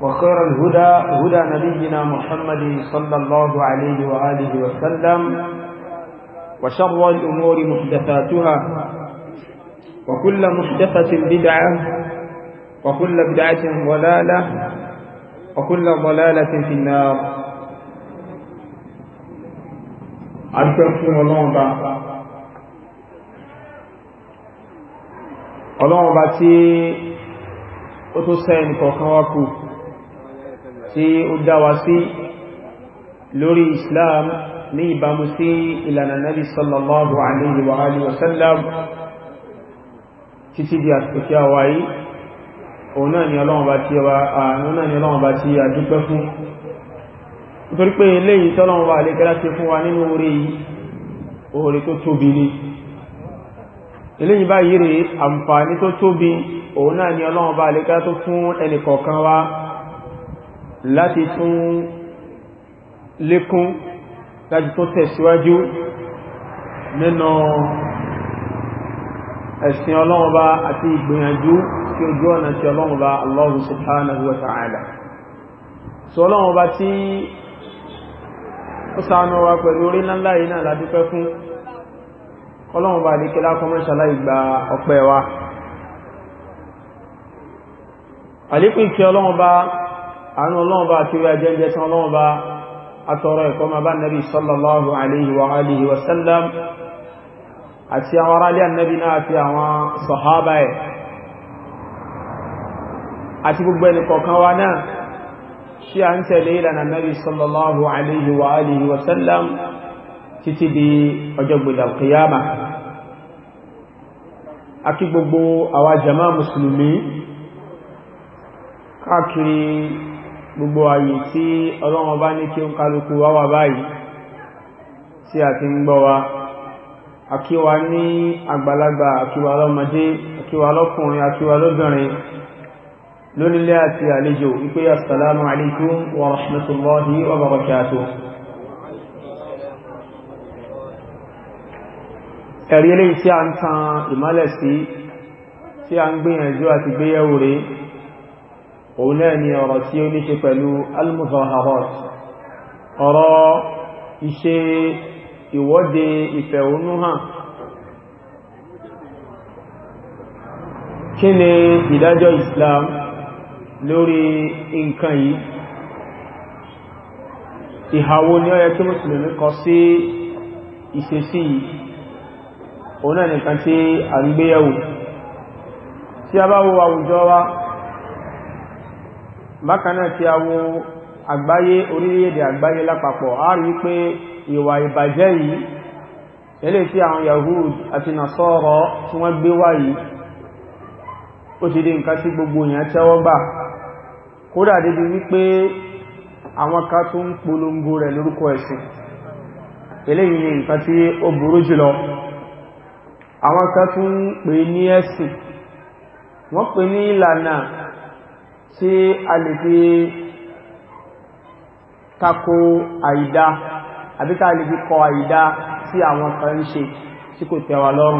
وخير الهدى هدى نبينا محمد صلى الله عليه وآله وسلم وشر الأمور محدثاتها وكل محدثة بدعة وكل بدعة ضلالة وكل ضلالة في النار أشكركم الله تعالى ọlọ́run bá tí ó tó sẹ́yìn kọ̀ọ̀kan wá kú tí ó dá wa sí lórí islam ní ìbámu sí ìlànà nabi sallallahu alaihi wa alihi wasallam títí di àsìkò tí a wáyé òun náà ni ọlọ́run bá tí a dúpẹ́ fún nítorí pé eléyìí tọ́lọ́run wà lè kẹ́lá ti fún wa nínú orí orí tó tóbi ní eléyìí báyìí rèé àǹfààní tó tóbi òun náà ni ọlọ́run bá lè kẹ́lá tó fún ẹnìkọ̀ọ̀kan wa láti tún lékún láti tún tẹ̀síwájú nínú ẹ̀sìn ọlọ́wọ́ba àti ìgbìyànjú tí ojú ọ̀nà tí ọlọ́wọ́ba Allahu subhanahu wa ta'ala so ọlọ́wọ́ba tí ó ṣàánú wa pẹ̀lú orí ńlá yìí náà ládúpẹ́ fún ọlọ́wọ́ba àdíkẹ́lá kọmọ́ṣàlá ìgbà ọpẹ́ wa àlékún ìkẹ́ ọlọ́wọ́ba àánú ọlọ́run bá kí wá jẹ́ tán ọlọ́run bá atọrọ ẹ̀kọ́ ma bá nabi sallallahu alaihi wa alihi wa sallam àti àwọn aráalé annabi náà àti àwọn sọ̀hábà ẹ̀ àti gbogbo ẹni kọ̀ọ̀kan wa náà tí a gbogbo ààyè tí ọlọ́wọ́n bá ní kí ó ń kálukú wá wà báyìí tí a ti ń gbọ́ wa àkíwà ní àgbàlagbà àkíwà lọ́mọdé àkíwà lọ́kùnrin àkíwà lóbìnrin lónílé àti àlejò wípé assalamu alaikum wa rahmatullahi wa barakatuh ẹ̀rí eléyìí tí a ń tan ìmọ́lẹ̀ sí tí a ń gbìyànjú àti gbéyẹ̀wò rèé òun náà ni ọ̀rọ̀ tí ó ní ṣe pẹ̀lú almuzaharat ọ̀rọ̀ iṣẹ́ ìwọ́de ìfẹ̀hónúhàn kí ni ìdájọ́ Islam lórí nǹkan yìí ìhàwó ni ó yẹ kí mùsùlùmí kọ sí ìṣesí yìí òun náà nìkan tí a tí a bá wo àwùjọ wa bákanáà tí a wo àgbáyé orílẹ̀-èdè àgbáyé lápapọ̀ a rí pé ìwà ìbàjẹ́ yìí eléyìí tí àwọn Yahud àti Nasara tí wọ́n gbé wá yìí ó ti di nǹkan tí gbogbo èèyàn tẹ́wọ́ gbà kódà débi wípé àwọn ká tún polongo rẹ̀ lórúkọ ẹ̀sìn eléyìí ni nǹkan tí ó burú jùlọ àwọn ká tún pè ní ẹ̀sìn wọ́n pè ní ìlànà tí a lè fi tako àìdá àbí tá a lè fi kọ àìdá tí àwọn kan ń ṣe tí kò tẹ́ lọ́rùn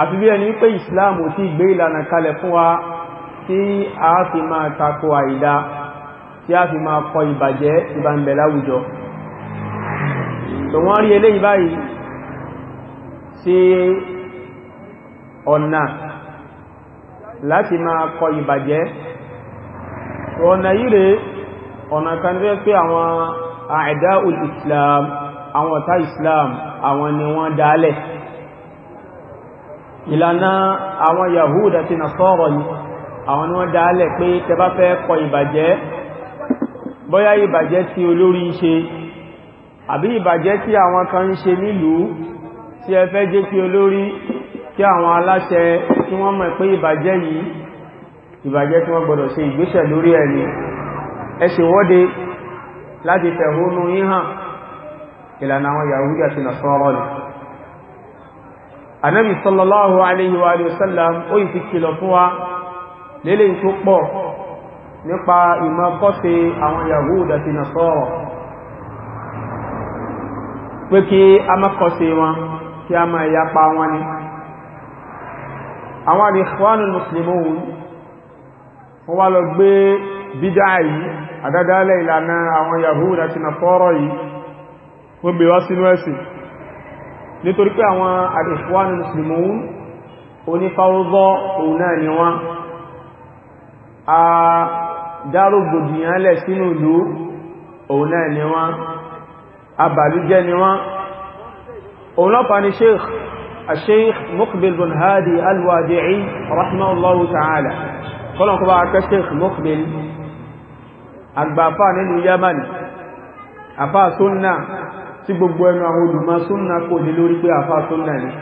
àti bí ẹni pé Islam ò tí gbé ìlànà kalẹ̀ fún wa tí a fi máa tako àìdá tí a fi máa kọ ìbàjẹ́ ìbàmbẹ̀ láwùjọ ọ̀nà láti máa kọ ìbàjẹ́ ọ̀nà yìí rẹ̀ ọ̀nà kan rẹ̀ pé àwọn àìdá islam àwọn ọ̀tá islam àwọn ni wọ́n dálẹ̀ ìlànà àwọn yahuda àti nasọ́rọ̀ ni àwọn ni wọ́n dálẹ̀ pé tẹbá fẹ́ kọ ìbàjẹ́ bóyá ìbàjẹ́ tí olórí ń ṣe àbí ìbàjẹ́ tí àwọn kan ń ṣe nílùú tí ẹ fẹ́ jẹ́ kí olórí kí àwọn aláṣẹ kí wọ́n mọ̀ pé ìbàjẹ́ yìí ìbàjẹ́ tí wọ́n gbọ́dọ̀ ṣe ìgbésẹ̀ lórí ẹni ẹ ṣe wọ́de láti fẹ̀hónú yín hàn ìlànà àwọn Yahudi àti Nasara ni Ànábì sallallahu alayhi wa sallam ó yìí ti kìlọ̀ fún wa lélẹ̀ pé kí a má kọ́sẹ̀ wọn kí a má yapa wọn ni àwọn al-Ikhwanul Muslimun wọ́n wá lọ gbé bídá yìí àdádálẹ̀ ìlànà àwọn Yahuda àti Nasara yìí wọ́n gbé wá sínú ẹ̀sìn nítorí pé àwọn al-Ikhwanul Muslimun onífàúzọ́ òun náà ni wọ́n òun náà ni wọ́n الشيخ مقبل بن هادي الوادعي رحمه الله تعالى قلنا قبعة الشيخ مقبل البافان اليمن أفا سنة سيبقوا أنه لما سنة قد لوري أفا سنة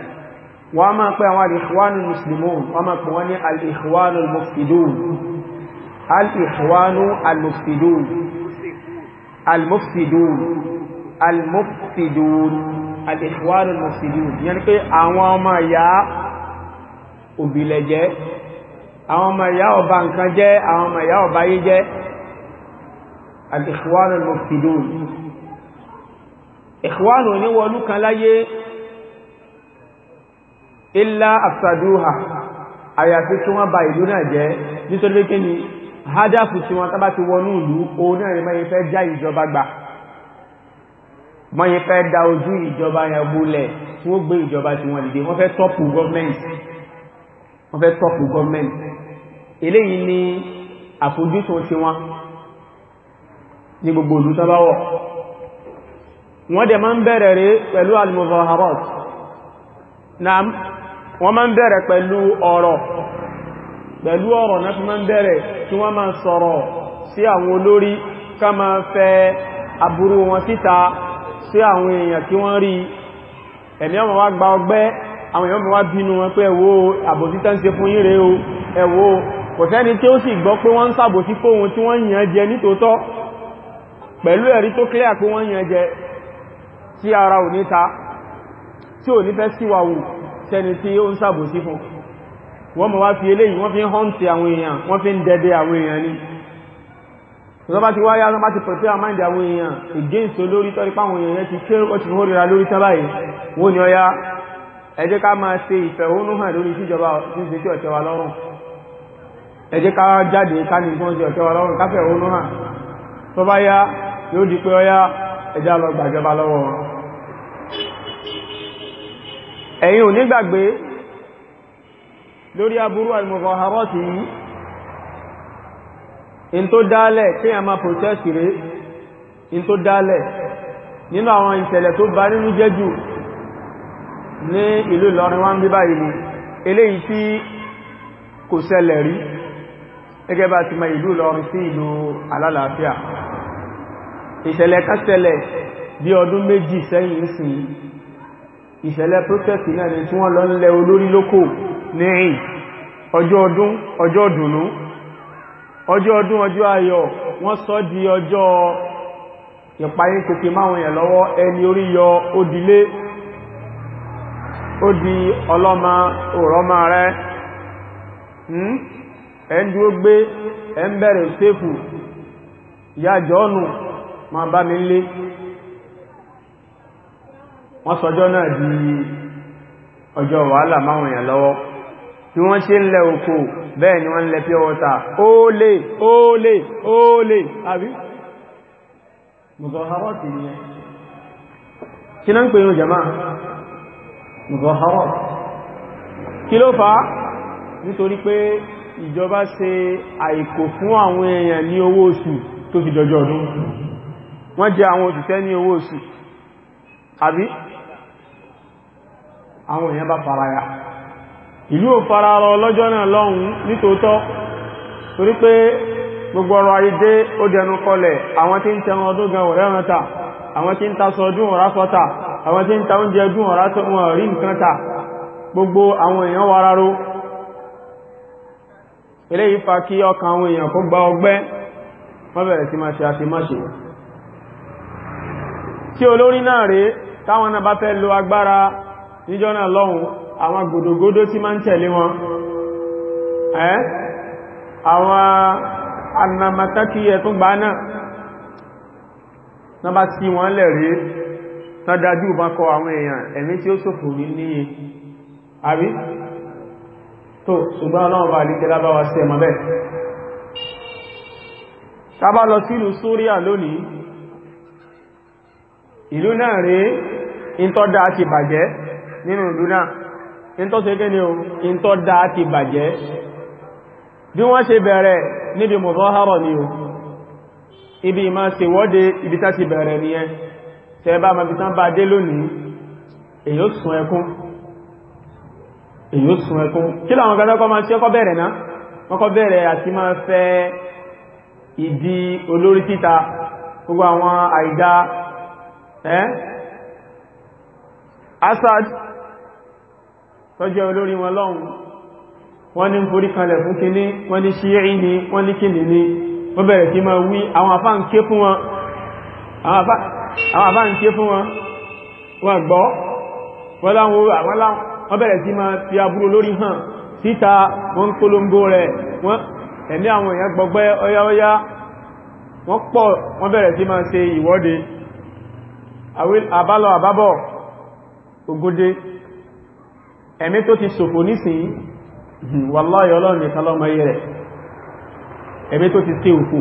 wọ́n máa pẹ́ àwọn al-ikhwan al-muslimun wọ́n máa pẹ́ wọ́n ní al-ikhwan al-mufsidun al-ikhwan al-mufsidun al-mufsidun al-mufsidun al-ikhwan al-mufsidun yẹn pé àwọn ọmọ ìyá òbílẹ̀ jẹ́ àwọn ọmọ ìyá ọba nǹkan jẹ́ àwọn ọmọ ìyá ọba yé jẹ́ al-ikhwan al oníwọlú kan láyé illa afsaduha àyàfi tí wọ́n ba ìlú náà jẹ́ nítorí kí ni hádàfù tí wọ́n tábà ti wọnú ìlú òun náà rí mẹ́rin fẹ́ já ìjọba gbà wọ́n yẹn fẹ́ da ojú ìjọba yẹn gbólẹ̀ tí wọ́n gbé ìjọba tí wọ́n dìde wọ́n fẹ́ tọ́pù gọ́ọ̀mẹ́ntì wọ́n fẹ́ tọ́pù gọ́ọ̀mẹ́ntì eléyìí ni àfojúsùn ti wọn ní gbogbo ìlú tó bá wọ̀ wọ́n dẹ̀ máa ń bẹ̀rẹ̀ rẹ̀ pẹ̀lú al-muzaharat naam wọ́n máa ń bẹ̀rẹ̀ pẹ̀lú ọ̀rọ̀ pẹ̀lú ọ̀rọ̀ náà fi máa ń bẹ̀rẹ̀ tí wọ́n máa sọ̀rọ̀ sí àwọn olórí ká máa fẹ́ aburú wọn síta sí àwọn èèyàn kí wọ́n rí ẹ̀mí ọmọ wá gba ọgbẹ́ àwọn èèyàn mọ̀ wá bínú wọn pé ẹ̀wọ́ àbòsí tán ṣe fún yíre o ẹ̀wọ́ kò sẹ́ni tí ó sì gbọ́ pé wọ́n ń sàbòsí fóhun tí wọ́n yàn jẹ nítòótọ́ pẹ̀lú ẹ̀rí tó clear pé wọ́n yàn jẹ tí ara ò níta tí ò ní fẹ́ síwà wù sẹ́ni tí ó ń sàbòsí fún wọ́n mọ̀ wá fi eléyìí wọ́n fi ń họ́ǹtì àwọn èèyàn wọ́n fi ń dẹdẹ àwọn èèyàn ni ìjọba ti wáyá lọ́ba ti pẹ̀tẹ́ àmáìdì àwọn èèyàn against olórí tọ́rí páwọn èèyàn ti kéré ó ti hóríra lórí tán báyìí wó ni ọya ẹ jẹ́ ká máa ṣe ìfẹ̀hónú hàn lórí tíjọba ṣíṣe tí ọ̀tẹ́ wa lọ́rùn ẹ jẹ́ ká jáde ká ní ìgbọ́n ṣe ọ̀tẹ́ wa lọ́rùn ká fẹ̀hónú hàn tó bá yá yóò di pé ọya ẹja lọ gbàjọba lọ́wọ́ ẹ̀yin ò ní gbàgbé lórí aburú àìmọ̀kọ̀ àrọ́ọ̀tì yìí in tó dálẹ̀ kí a máa protest rẹ̀ in tó dálẹ̀ nínú àwọn ìṣẹ̀lẹ̀ tó bá nínú jẹ́jù ní ìlú Ìlọrin wá ń bí báyìí ni eléyìí tí kò ṣẹlẹ̀ rí gẹ́gẹ́ bá ti ma ìlú Ìlọrin sí ìlú alálàáfíà ìṣẹ̀lẹ̀ kan ṣẹlẹ̀ bí ọdún méjì sẹ́yìn sí ìṣẹ̀lẹ̀ protest náà ni tí wọ́n lọ ń lẹ olórí lóko ní ọjọ́ ọdún ọjọ́ ọdúnnú ọjọ́ ọdún ọjọ́ ayọ̀ wọ́n sọ di ọjọ́ ìpayín kòkè máwọn èèyàn lọ́wọ́ ẹni orí yọ ó dilé ó di ọlọ́mà òrọ́mà rẹ̀ hmm? ẹ̀ndú ó gbé ẹ̀mbẹ̀rẹ̀ sẹ́fù ìyájọ́ ọ̀nù ma bá mi lé wọ́n sọjọ́ náà di ọjọ́ wàhálà máwọn èèyàn lọ́wọ́ ni wọ́n ti ń lẹ òkò bẹ́ẹ̀ ni wọ́n lẹ pure water ólè ólè ólè àbí mùsọ̀hárọ̀tì ni kí náà ń pè ní jama mùsọ̀hárọ̀tì kí ló fà á nítorí pé ìjọba ṣe àìkò fún àwọn èèyàn ní owó oṣù tó fi dọjọ́ ọdún wọ́n jẹ àwọn òṣìṣẹ́ ní owó oṣù àbí àwọn èèyàn bá fara ya ìlú ò fara rọ lọ́jọ́ náà lọ́hùn nítòótọ́ torí pé gbogbo ọrọ̀ ayédé ó dẹnu kọlẹ̀ àwọn tí ń tẹran ọdún gan ọ̀rẹ́ ọ̀rán àwọn tí ń ta sọ ọdún ọ̀rá sọta àwọn tí ń ta oúnjẹ ọdún ọ̀rá rí nǹkan gbogbo àwọn èèyàn kí àwọn èèyàn kó gba ọgbẹ́ wọ́n bẹ̀rẹ̀ sí máa ṣe àṣemáṣe tí náà lo agbára níjọ́ náà lọ́hùn àwọn gbòdògbòdó tí máa ń tẹ̀lé wọn ẹ́ àwọn anàmàtàkì ẹ̀tún gbà náà náà bá tí wọ́n lẹ̀rí tọ́dájú bá kọ àwọn èèyàn ẹ̀mí tí ó ṣòfò ní níye àbí tó ṣùgbọ́n náà bá àdíkẹ́ lábáwá sí ẹmọ bẹ́ẹ̀ ká bá lọ sílùú Súríà lónìí ìlú náà rí ìtọ́dá ti bàjẹ́ nínú ìlú náà ìntọ́ ṣe gẹ́ni o ìntọ́ dáa ti bàjẹ́ bí wọ́n ṣe bẹ̀rẹ̀ níbi mọ̀zọ́hárọ̀ ni o ibi ìmá ṣe wọ́de ibi tá ti bẹ̀rẹ̀ nìyẹn tẹ́ bá ma fi tán bá dé lónìí èyí ó sun ẹkún èyí ó sun ẹkún kí láwọn gbẹ́gbẹ́kọ́ máa ṣe ọkọ́ bẹ̀rẹ̀ náà wọ́n eh Asad tọ́jẹ́ olórí wọn lọ́hun wọ́n ní forí kalẹ̀ fún kíní wọ́n ní ṣíyẹ́ ní wọ́n ní kíní ní wọ́n bẹ̀rẹ̀ kí máa wí àwọn àfá ń ké fún wọn wọ́n gbọ́ wọ́n bẹ̀rẹ̀ sí máa fi aburú lórí hàn síta wọ́n polongo rẹ̀ ẹ̀mí àwọn èèyàn gbọgbẹ́ ọyáọyá wọ́n pọ̀ wọ́n bẹ̀rẹ̀ sí máa ṣe ìwọ́de àbálọ̀ àbábọ̀ ògódé ẹ̀mí tó ti ṣòfò nísìnyí wàláyé ọlọ́run nìkan lọ́mọ rẹ̀ ẹ̀mí tó ti sí òkú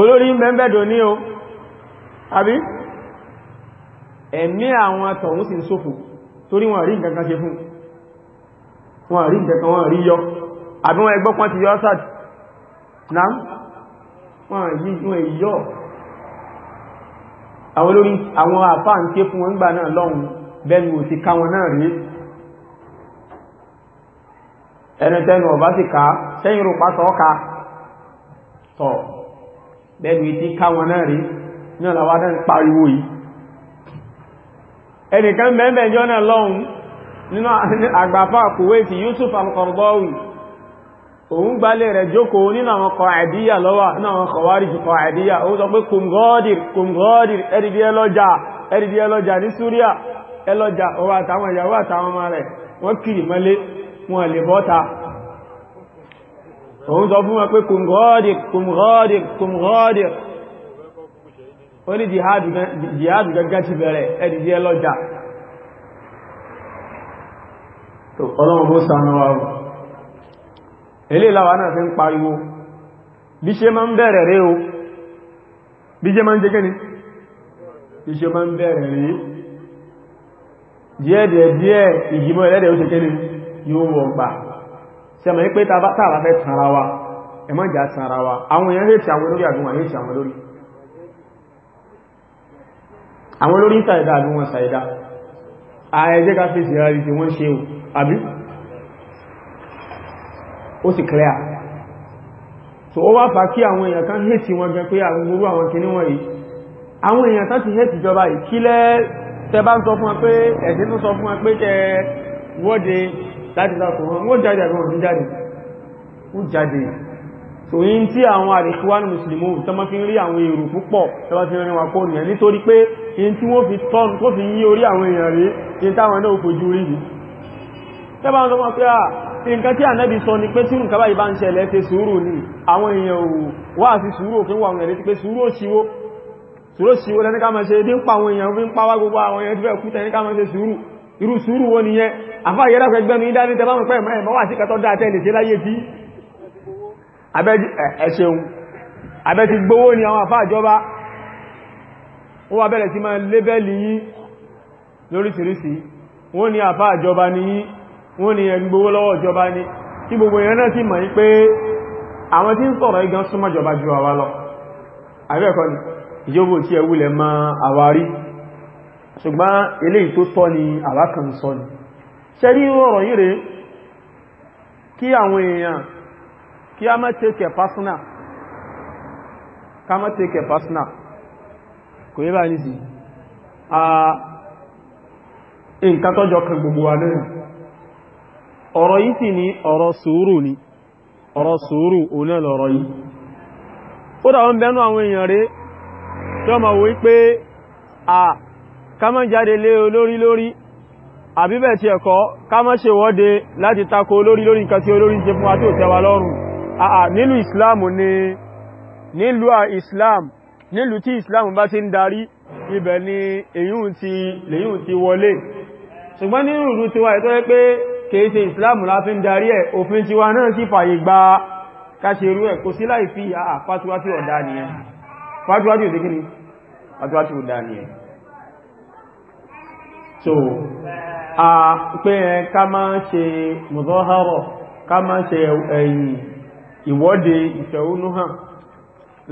olórí mẹ́bẹ̀dọ̀ ní o àbí ẹ̀mí àwọn atọ̀hún sì ń torí wọn rí nǹkan ṣe fún wọn rí nǹkan wọn rí yọ àbí wọn ẹgbọ́ ti yọ naa yọ ẹnu tẹnu ọba sì ká sẹ́yìn rò pásọ ọka tọ̀ bẹ́ẹ̀ni ìtí káwọn náà rí náà làwá náà ń pariwo yìí ẹnìkan mẹ́mẹ́ jọ náà lọ́hun nínú àgbàfà Kuwaiti Yusuf al-Qaradawi òun gbálẹ̀ rẹ̀ jókòó nínú àwọn kọ̀ àdíyà lọ́wà nínú àwọn kọ̀wárí jù kọ̀ àdíyà ó sọ pé kùmgọ́dìr kùmgọ́dìr ẹ̀rìdí wọ́n kìrì mọ́lé wọn lè bọ́ta òun sọ fún wọn pé kùmgọ́dìr kùmgọ́dìr kùmgọ́dìr ó ní jihadu gẹ́gẹ́ ti bẹ̀rẹ̀ ẹ̀dì díẹ̀ lọ́jà tó ọlọ́run bó sànà wa o ilé ìlàwà náà fi ń pariwo bí ṣe máa ń bẹ̀rẹ̀ rí o bí ṣe máa ń jẹ́gẹ́ bí ṣe máa ń bẹ̀rẹ̀ rí díẹ̀díẹ̀ díẹ̀ ìgbìmọ̀ ẹlẹ́dẹ̀ ó ṣe kéré yóò wọ gbà sẹ́mọ̀ ní pé tààbà fẹ́ tanra wa ẹmọ́ ìjà tanra wa àwọn èèyàn hẹ́ẹ̀tì àwọn olórí àdúnwà hẹ́ẹ̀tì àwọn olórí àwọn olórí ń sàìdá àdúnwà sàìdá ààyẹjẹ́ ká fèsì rárí tí wọ́n ṣe o àbí ó sì clear so ó wá fà kí àwọn èèyàn kan hẹ́ẹ̀tì wọn gan pé àwọn gbogbo àwọn kìnnì wọ̀nyí àwọn èèyàn tán ti hẹ́ẹ̀tì ìjọba yìí kí lẹ́ tẹ bá ń sọ fún wọn pé ẹ̀sìn tó sọ fún wọn pé kẹ wọ́de láti sáàkù wọn wọ́n jáde àbí wọ́n jáde wọ́n so yí tí àwọn àríkíwánì mùsùlùmí tó má fi ń rí àwọn èrò púpọ̀ tó bá fi ń rí wọn kó nìyàn nítorí pé yí tí wọ́n fi tọ́n tó fi yí orí àwọn èèyàn rí yí ah, nǹkan tí ànábì sọ ni pé tí nǹkan báyìí bá ń ṣẹlẹ̀ ṣe sùúrù ni àwọn èèyàn ò wá sí sùúrù òfin wà wọn ẹ̀rẹ́ ti pé sùúrù òṣìwó sùúrù òṣìwó lẹ́ni ká ṣe dé ń pa àwọn èèyàn àfá ìyẹ́dá fẹ́ gbẹ́nu yí dání tẹ́bá mọ̀ pẹ́ mọ́ ẹ̀mọ́ wà sí kẹtọ́ dáa tẹ́lẹ̀ sí láyé tí ẹ̀ṣẹ̀un abẹ́ gbówó ni àwọn àfá ìjọba wọ́n wá bẹ̀rẹ̀ sí máa lébẹ́lì yí lóríṣìíríṣìí wọ́n ní àfá ìjọba ni yí wọ́n ní ẹni gbówó lọ́wọ́ ìjọba ni tí gbogbo èèyàn náà sì mọ̀ pé àwọn tí ń sọ̀rọ̀ igan ṣùgbọ́n eléyìí tó sọ ni àwa sọ ni ṣẹ́rí ọ̀rọ̀ yìí rẹ̀ kí àwọn èèyàn kí a má take kò yẹ́ ní sí a nǹkan tọ́jọ kan gbogbo wa ọ̀rọ̀ yìí sì ní ọ̀rọ̀ sùúrù ní ọ̀rọ̀ sùúrù yìí ó dáwọn bẹnu àwọn èèyàn rẹ̀ tí ma a ká jáde lé olórí àbíbẹ̀ tí ẹ̀kọ́ ká má ṣe wọ́de láti tako olórí lórí nǹkan tí olórí ṣe fún wa tí ò tẹ́wa lọ́rùn àà nílùú islam ni nílùú islam nílùú tí islam bá ti ń darí ibẹ̀ ni èyún ti lèyún ti wọlé ṣùgbọ́n nínú ìlú tiwa ìtọ́ pé kìí islam la fi ń darí ẹ̀ òfin tiwa náà sì fàyè gba káṣerú ẹ̀ kò sí láì fi àà fatuwa tí ọ̀dá so a pe ẹ ká máa ṣe mùsọ́hárọ̀ ká máa ṣe ẹ̀yìn ìwọ́de ìṣẹ̀hónú hàn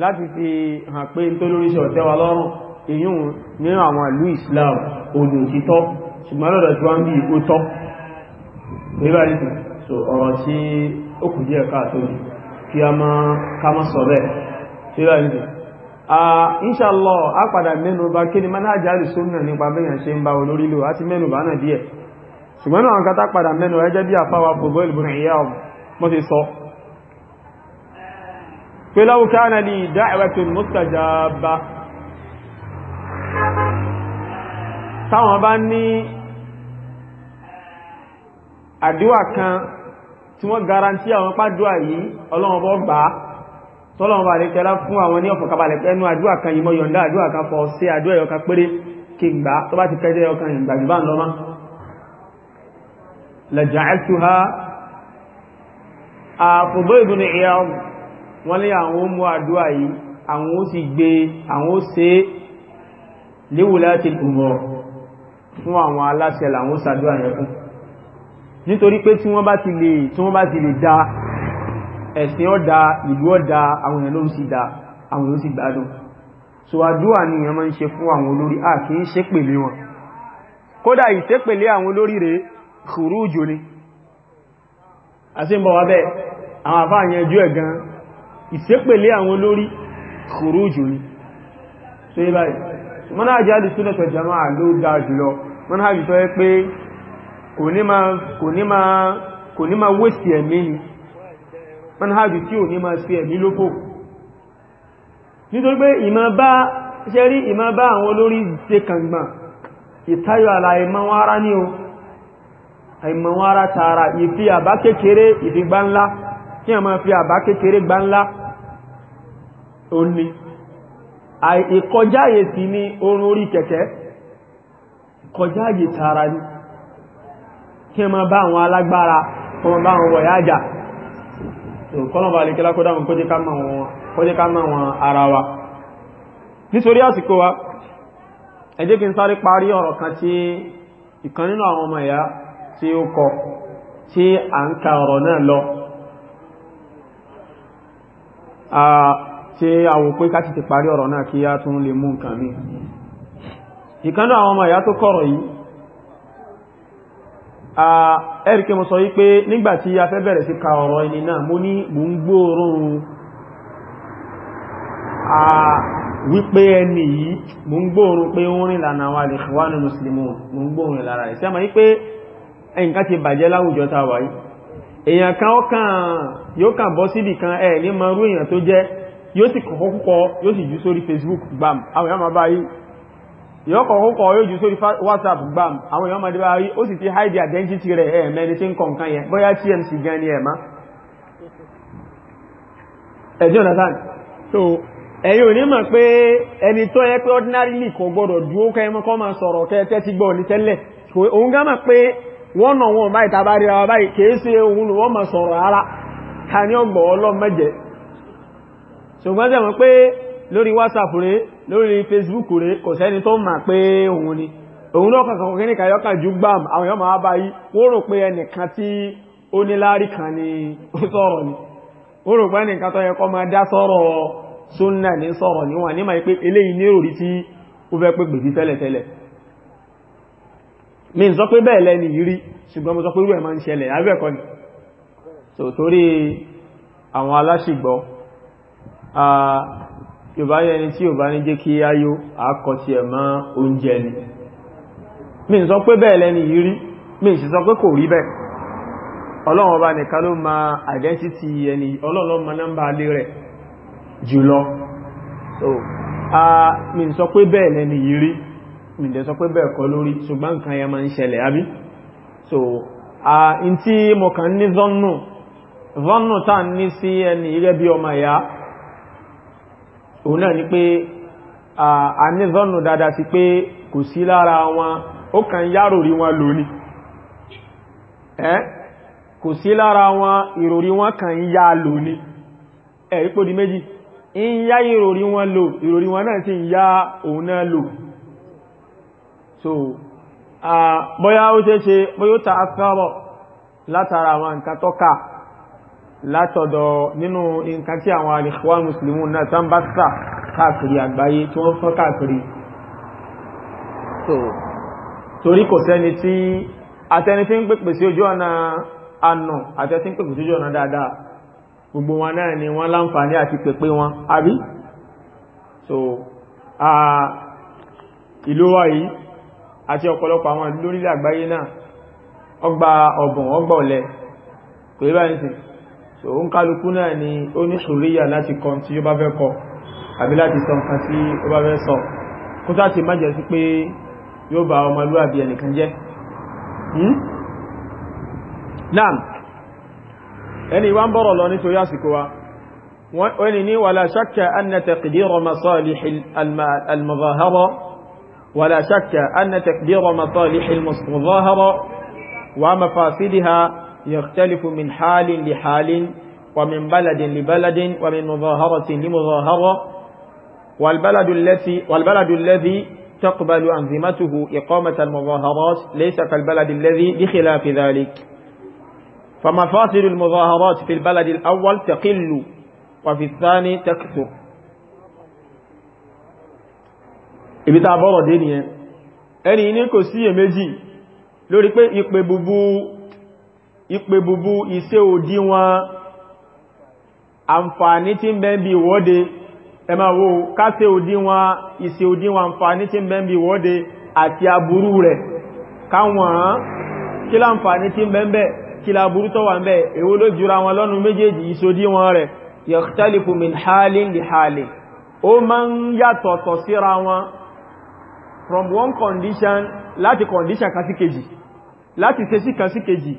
láti fi hàn pé tó lórí ṣe ọ̀tẹ́wà lọ́rùn èyún nínú àwọn ìlú Islam odò títọ́ ṣùgbọ́n lọ́dọ̀ tí wọ́n bí ikú tọ́ ọ̀rọ̀ a máa sọ bẹ́ẹ̀ kí ni manhaj al nípa bẹ́yàn ṣe ń bá olórílò náà díẹ̀ ṣùgbọ́n àwọn kátà padà mẹ́nu ẹjẹ́ bí àfáwà fòbó ìlbùn ìyá ọmọ mọ́ ti sọ pé láwùká náà ní da'watun mustajaba táwọn bá ní àdúwà kan tí wọ́n garanti àwọn pàdúwà yìí ọlọ́wọ́n bọ́ gbà tọ́lọ́wọ́n bá lè tẹ́lá fún àwọn ní ọ̀fọ̀kabalẹ̀ pẹ́nu àdúwà kan yìí mọ́ yọ̀ndá àdúwà kan fọ́ sí àdúwà لجعلتها àfùgbọ́ ìbùn ìyàwó wọ́n ní àwọn ó mú àdúwà yìí àwọn ó sì gbé àwọn ó ṣe liwulati al-umur fún àwọn aláṣẹ làwọn ó sàdúwà yẹn fún nítorí pé tí wọ́n bá ti lè tí wọ́n bá ti lè dá ẹ̀sìn ọ̀dá ìlú ọ̀dá àwọn èèyàn ló dá àwọn èèyàn sì gbádùn so àdúwà ni èèyàn ń ṣe fún àwọn olórí à kì wọn kódà ìṣépèlé àwọn olórí rèé kùrújù ni àti ń bọ̀ àwọn àfáà yẹnjú ẹ̀ gan ìṣépèlé àwọn olórí kùrújù ni tó yí báyìí manhaj al-sunnah wal jamā'ah ló dá jùlọ manhaj tó yẹ pé kò ní ma kò ní ma kò ní ma wéṣì ẹ̀mí ni manhaj tí ò ní ma sí ẹ̀mí lókò nítorí pé ìmọ̀ bá ṣẹ́rí o àìmọ̀wọ́n ara tààrà ìfi àbá kékeré ìfigbá ńlá kí a máa fi àbá kékeré gbá ńlá ó ní ìkọjáyè sí ní orun orí kẹ̀kẹ́ kọjáyè tààrà ní kí a máa bá àwọn alágbára kọmọ bá àwọn wọ̀yájà kọ́lọ̀bà lè kílá kódà wọn kójé ká máa wọn ara wa nítorí àsìkò wa ẹ jẹ́ kí n ìkan nínú àwọn ọmọ ìyá tí ó kọ tí a ń ka ọ̀rọ̀ náà lọ tí a wò pé ká ti ti parí ọ̀rọ̀ náà kí a tún lè mú nǹkan mi ìkánú àwọn ọmọ ìyá tó kọ̀rọ̀ yìí ẹ̀rìkẹ́ mo sọ wípé nígbàtí a fẹ́ bẹ̀rẹ̀ sí ka ọ̀rọ̀ ẹni náà mo ní mò ń gbóòórùn wípé ẹni yìí mò ń gbóòórùn pé nǹkan ti bàjẹ́ láwùjọ ta wà yìí èèyàn kan ó kàn yóò kàn bọ́ síbì kan ẹ̀ ní mọ irú èèyàn tó jẹ́ yóò sì kọ̀kọ́ kúkọ yóò sì jù sórí Facebook gbam àwọn èèyàn máa bá yìí yóò kọ̀kọ́ kúkọ yóò jù sórí WhatsApp gbam àwọn èèyàn máa dé bá yìí ó sì ti hide identity rẹ̀ ẹ̀ mẹ́ni tí ń kọ̀ nǹkan yẹn bóyá TMC gan ni ẹ̀ má ẹ̀jọ́ nàtàn so ẹ̀yin ò ní mọ̀ pé ẹni tó yẹ pé ordinary league kò gbọ́dọ̀ dúó kẹ́ mọ́kọ́ máa sọ̀rọ̀ kẹ́ tẹ́tí gbọ́ ní tẹ́lẹ̀ òun gá mọ̀ pé wọ́n nà wọn báyìí tàbá rí ara báyìí kìí ṣe ohun wọ́n ma sọ̀rọ̀ ara ta ọgbọ ọgbọ̀ ọlọ́mẹ́jẹ ṣùgbọ́n wọn pé lórí whatsapp rẹ̀ lórí facebook rẹ̀ kò sẹ́ni tó mà pé òun ni òun náà kọ̀kọ̀ kí ní kàyọ́kà ju gbàm àwọn yọ́mà wá báyìí wọ́n rò pé ẹnìkan tí ó ní lárí kan ni ó sọrọ ni wọ́n rò pé ẹnìkan tó yẹ kọ́ máa dá sọ̀rọ̀ ní pé eléyìí ní ó mi sọ pé bẹ́ẹ̀ lẹ́ni yìí rí ṣùgbọ́n mo sọ pé irú ẹ̀ máa ń ṣẹlẹ̀ abẹ́ẹ̀kọ́ ni so torí àwọn aláṣìgbọ́ Yorùbá yẹ ni tí Yorùbá ní jẹ́ kí ayó àkọsí ẹ̀ oúnjẹ ni mi sọ pé bẹ́ẹ̀ lẹ́ni yìí rí mi sì sọ pé kò rí bẹ́ẹ̀ Ọlọ́run ọba nìkan ló ma identity ẹni Ọlọ́run ló mọ nọ́mbà alé rẹ̀ jùlọ so mi sọ pé bẹ́ẹ̀ lẹ́ni yìí rí mìdẹ̀ sọ pé bẹ́ẹ̀ kọ́ lórí ṣùgbọ́n nǹkan ya máa ń ṣẹlẹ̀ àbí so a n tí mo kàn ní zọ́nù zọ́nù tàà ní sí ẹni irẹ́ bí ọmọ ìyá òun náà ni pé a ní zọ́nù dáadáa sí pé kò sí lára wọn ó kàn yárò rí wọn lónìí ẹ́ kò sí lára wọn ìròrí wọn kàn yá lónìí ẹ̀ ipò di méjì ń yá ìròrí wọn lò ìròrí wọn náà sì ń yá òun náà lò so bóyá ó ṣe ṣe bóyá ó ta afẹ́rọ̀ látara àwọn nǹkan tọ́ka látọ̀dọ̀ nínú nǹkan tí àwọn al-Ikhwan Muslimun náà tán bá sà káàkiri àgbáyé tí wọ́n fọ́n káàkiri torí kò sẹ́ni tí àtẹni tí ń pèpè sí ojú ọ̀nà ànà àtẹni pèpè sí ojú ọ̀nà dáadáa gbogbo wọn náà ni wọ́n láǹfààní àti pèpè wọn àbí so ìlú wa àti ọ̀pọ̀lọpọ̀ àwọn ìlú lórílẹ̀ àgbáyé náà ọgbà ọ̀bùn ọgbà ọ̀lẹ kò yí báyìí sí so ó ń kálukú náà ni ó ní ṣòríyà láti kọ tí ó bá fẹ́ kọ àbí láti sọ nǹkan tí ó bá fẹ́ sọ kó sáti má jẹ́ sí pé yóò bá ọmọlúwàbí ẹnìkan jẹ́ hmm? ẹni wá ń bọ̀rọ̀ lọ nítorí àsìkò wa wọ́n ni ní wàlá ṣákà annata qidira masalih al ولا شك أن تكبير مصالح المظاهرة ومفاسدها يختلف من حال لحال ومن بلد لبلد ومن مظاهرة لمظاهرة والبلد الذي والبلد الذي تقبل أنظمته إقامة المظاهرات ليس كالبلد الذي بخلاف ذلك فمفاصل المظاهرات في البلد الأول تقل وفي الثاني تكثر ibi ta bọ́rọ̀ dé nìyẹn ẹni ní kò sí èméjì lórí pé ìpè búbú ìpè búbú iṣẹ́ òdí wọn àǹfààní tí ń bẹ ń bí ìwọ́de ẹmàwó káṣẹ́ òdí wọn iṣẹ́ òdí wọn àǹfààní tí ń bẹ ń bí ìwọ́de àti aburú rẹ̀ káwọn kí láǹfààní tí ń bẹ from one condition láti condition kan sí kejì láti sẹ́sí kan sí kejì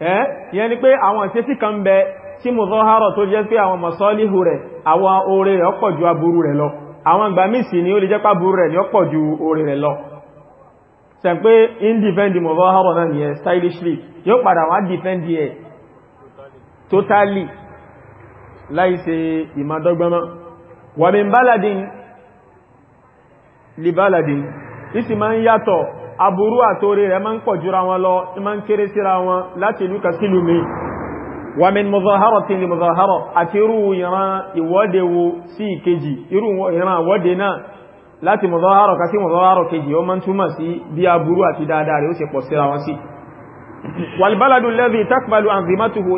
ẹ́ eh, yẹn ni pé àwọn sẹ́sí kan bẹ tí mo zọ́ hárọ̀ tó jẹ́ pé àwọn mọ̀sọ́líhù rẹ̀ àwọn oore rẹ̀ ọ̀pọ̀ ju aburú rẹ̀ lọ àwọn ìgbà míì ni ó lè jẹ́ pàbúrú rẹ̀ ni ọ̀pọ̀ oore rẹ̀ lọ sẹ pé indifendi mo zọ́ náà nìyẹn stylishly yóò padà wá defendi ẹ̀ totally láìṣe ìmádọ́gbọ́n wàmí báladín li báladín ìsì máa ń yàtọ̀ aburú àtorí rẹ̀ máa ń pọ̀ jura wọn lọ máa ń kéré síra wọn láti ìlú kan sílùú mi wà mí mọ̀zọ̀hárọ̀ tí ní mọ̀zọ̀hárọ̀ àti irú ìran ìwọ́de wo sí ìkejì irú ìran ìwọ́de náà láti mọ̀zọ̀hárọ̀ kan sí mọ̀zọ̀hárọ̀ kejì ó máa ń túmọ̀ sí bí aburú àti dáadáa rẹ̀ ó ṣe pọ̀ síra wọn sí wàlbálàdù lẹ́bí takbalu àǹzìmátùhù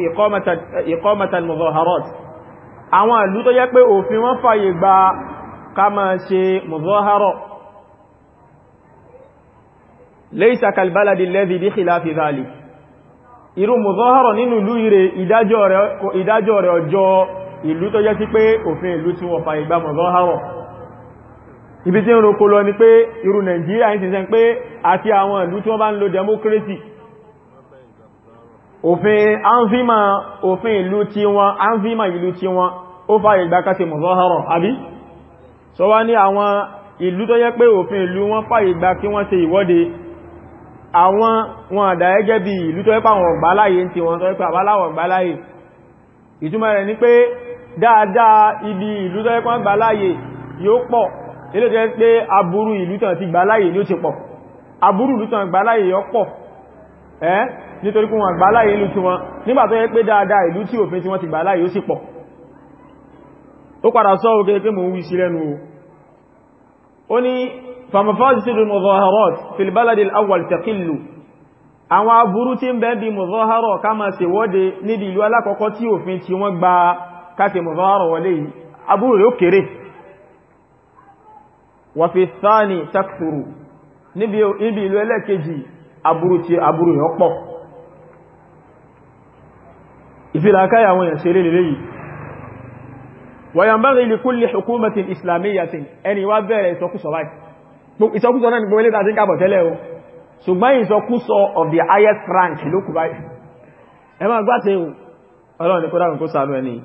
ìkọ́mọ̀tàn mọ̀zọ̀hárọ̀t àwọn ìlú tó yẹ pé òfin wọn fàyè gba ká máa ṣe mọ̀zọ̀hárọ̀ laysa kal baladi alladhi bi khilafi dhalik irú muzahara nínú ìlú ire ìdájọ́ rẹ̀ ọjọ́ ìlú tó jẹ́ sí pé òfin ìlú tí wọ́n fa ìgbà muzahara ibi tí ń roko lọ ni pé irú Nàìjíríà ń ṣiṣẹ́ pé àti àwọn ìlú tí wọ́n bá ń lo democracy òfin anfima òfin ìlú tí wọ́n anfima ìlú tó jẹ́ pé òfin ìlú wọ́n fa ìgbà kí wọ́n ṣe ìwọ́de àwọn wọn àdáyẹ́gẹ́ bí ìlú tó ẹ́pà wọn gbáláyé tí wọ́n tó ẹ́pà àbáláwọ̀ gbáláyé ìtumọ̀ rẹ̀ ní pé dáadáa ibi ìlú tó ẹ́pà gbáláyé yóò pọ̀ ilé tó ẹ́ pé aburú ìlú tàn ti gbáláyé ní ó ti pọ̀ aburú ìlú tàn gbáláyé yóò pọ̀ ẹ́ nítorí kún wọn gbáláyé ìlú tí wọn nígbà tó yẹ pé dáadáa ìlú tí òfin tí wọ́n ti gbáláyé ó sì pọ̀ ó padà sọ òkè فمفاسد المظاهرات في البلد الأول تقل àwọn aburú tí ń bẹ bí mọ̀zọ́hárọ̀ ká máa ṣe wọ́de níbi ìlú alákọ̀ọ́kọ́ tí òfin tí wọ́n gba káṣe mọ̀zọ́hárọ̀ wọlé yìí aburú rẹ̀ ó kéré wà fi sáàni takthuru níbi ìlú ẹlẹ́kejì aburú tí aburú rẹ̀ pọ̀ ìfìlàkáyàwó yẹn ṣeré lè léyìí wà yàmbá ìsọkúsọ náà ni gbogbo ilé tàbí kàbọ̀ tẹ́lẹ̀ o ṣùgbọ́n ìsọkúsọ of the highest rank ló kù báyìí ẹ máa gbáṣe ọlọ́run ní kó dákun kó ṣàánú ẹni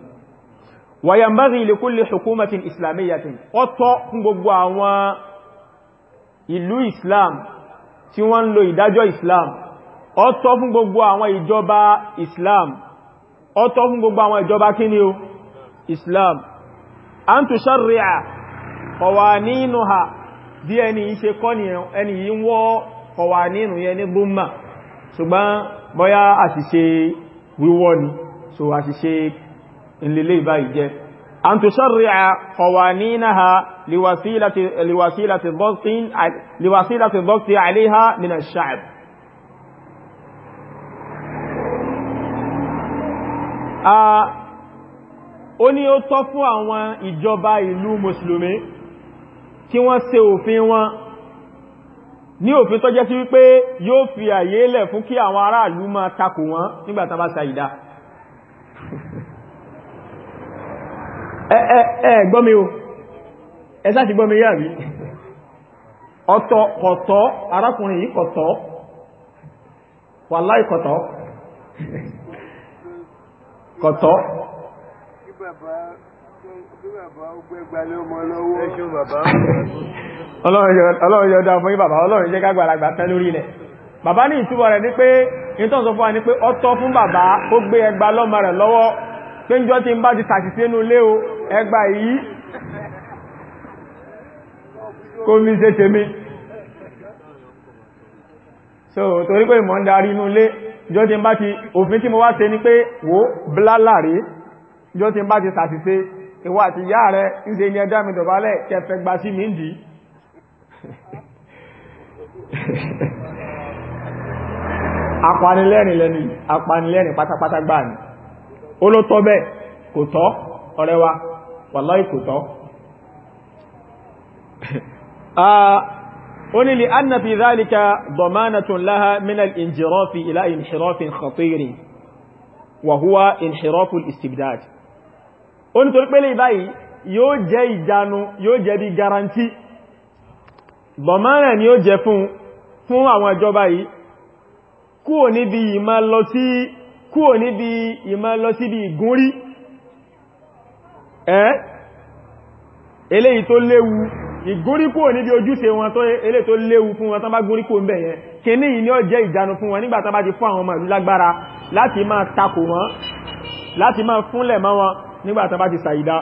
wàyàmbárí li kulli hukumatin islamiyyatin ó tọ́ fún gbogbo àwọn ìlú islam tí wọ́n ń lo ìdájọ́ islam ó tọ́ fún gbogbo ìjọba bí ẹni yìí ṣe kọ́ ni ẹni yìí ń wọ́ ọ̀wà nínú yẹn ní búmà ṣùgbọ́n bọ́yá àṣìṣe wíwọ́ ni so àṣìṣe ìlélé ìbáyìí jẹ́ an tó ṣọ́rì à ọ̀wà nínú ha liwasílàtí bọ́ktí àléhà nínú ṣáàb ó ní ó tọ́ fún àwọn ìjọba ìlú mùsùlùmí kí wọ́n ṣe òfin wọn ní òfin tó jẹ́ sí wípé yóò fi àyè lẹ̀ fún kí àwọn aráàlú máa takò wọn nígbàtà bá ṣàìdá ẹ gbọ́mi o ẹ sáà ti gbọ́mi yà rí ọ̀tọ̀ kọ̀tọ̀ arákùnrin yìí kọ̀tọ̀ wàláì kọ̀tọ̀ kọ̀tọ̀ ọlọ́run yọ dáa fún yí bàbá ọlọ́run jẹ́ kágbàlagbà tẹ́ lórí ilẹ̀ bàbá ní ìtúbọ̀ rẹ̀ ní pé ìtọ́ sọ fún wa ní pé ọtọ́ fún bàbá ó gbé ẹgbà lọ́mọ rẹ̀ lọ́wọ́ pé jọ ti ń bá ti tàṣìṣe inú ilé ẹgbà yìí kó mi ṣe ṣe mi so torí pé mọ̀ ń darí inú ilé jọ ti ń bá ti òfin tí mo wá ṣe ní pé wò blálà ìwọ àti ìyá rẹ̀ ìṣe ni ẹdá mi dọ̀bálẹ̀ kẹfẹ́ gba sí mi ń dì apanilẹ́rìn lẹ́ni apanilẹ́rìn pátápátá gbà ní ó ló tọ́ bẹ́ẹ̀ kò tọ́ ọ̀rẹ́ wa wallahi kò tọ́ ó ní lè anna fi dhalika damanatun laha min al ila inhirafin khatirin wa huwa inhiraful ó ní torí pẹ́lẹ̀ ìbáyìí yóò jẹ́ ìjánu yóò jẹ́ bí garanti bọ̀mọ́rẹ̀ ni ó jẹ fún fún àwọn ìjọba yìí kúò níbi ìmá lọ sí kúò níbi ìmá lọ sí bí ìgúnrí ẹ́ eléyìí tó léwu ìgúnrí kúò níbi ojúṣe wọn tó elé tó léwu fún wọn tán bá gúnrí kúò ń bẹ̀yẹn kìíní yìí ni ó jẹ́ ìjánu fún wọn nígbà bá ti fún àwọn ọmọ ìlú lágbára láti máa takò wọn láti máa fúnlẹ̀ mọ́ wọn nígbàtà bá ti sàìdá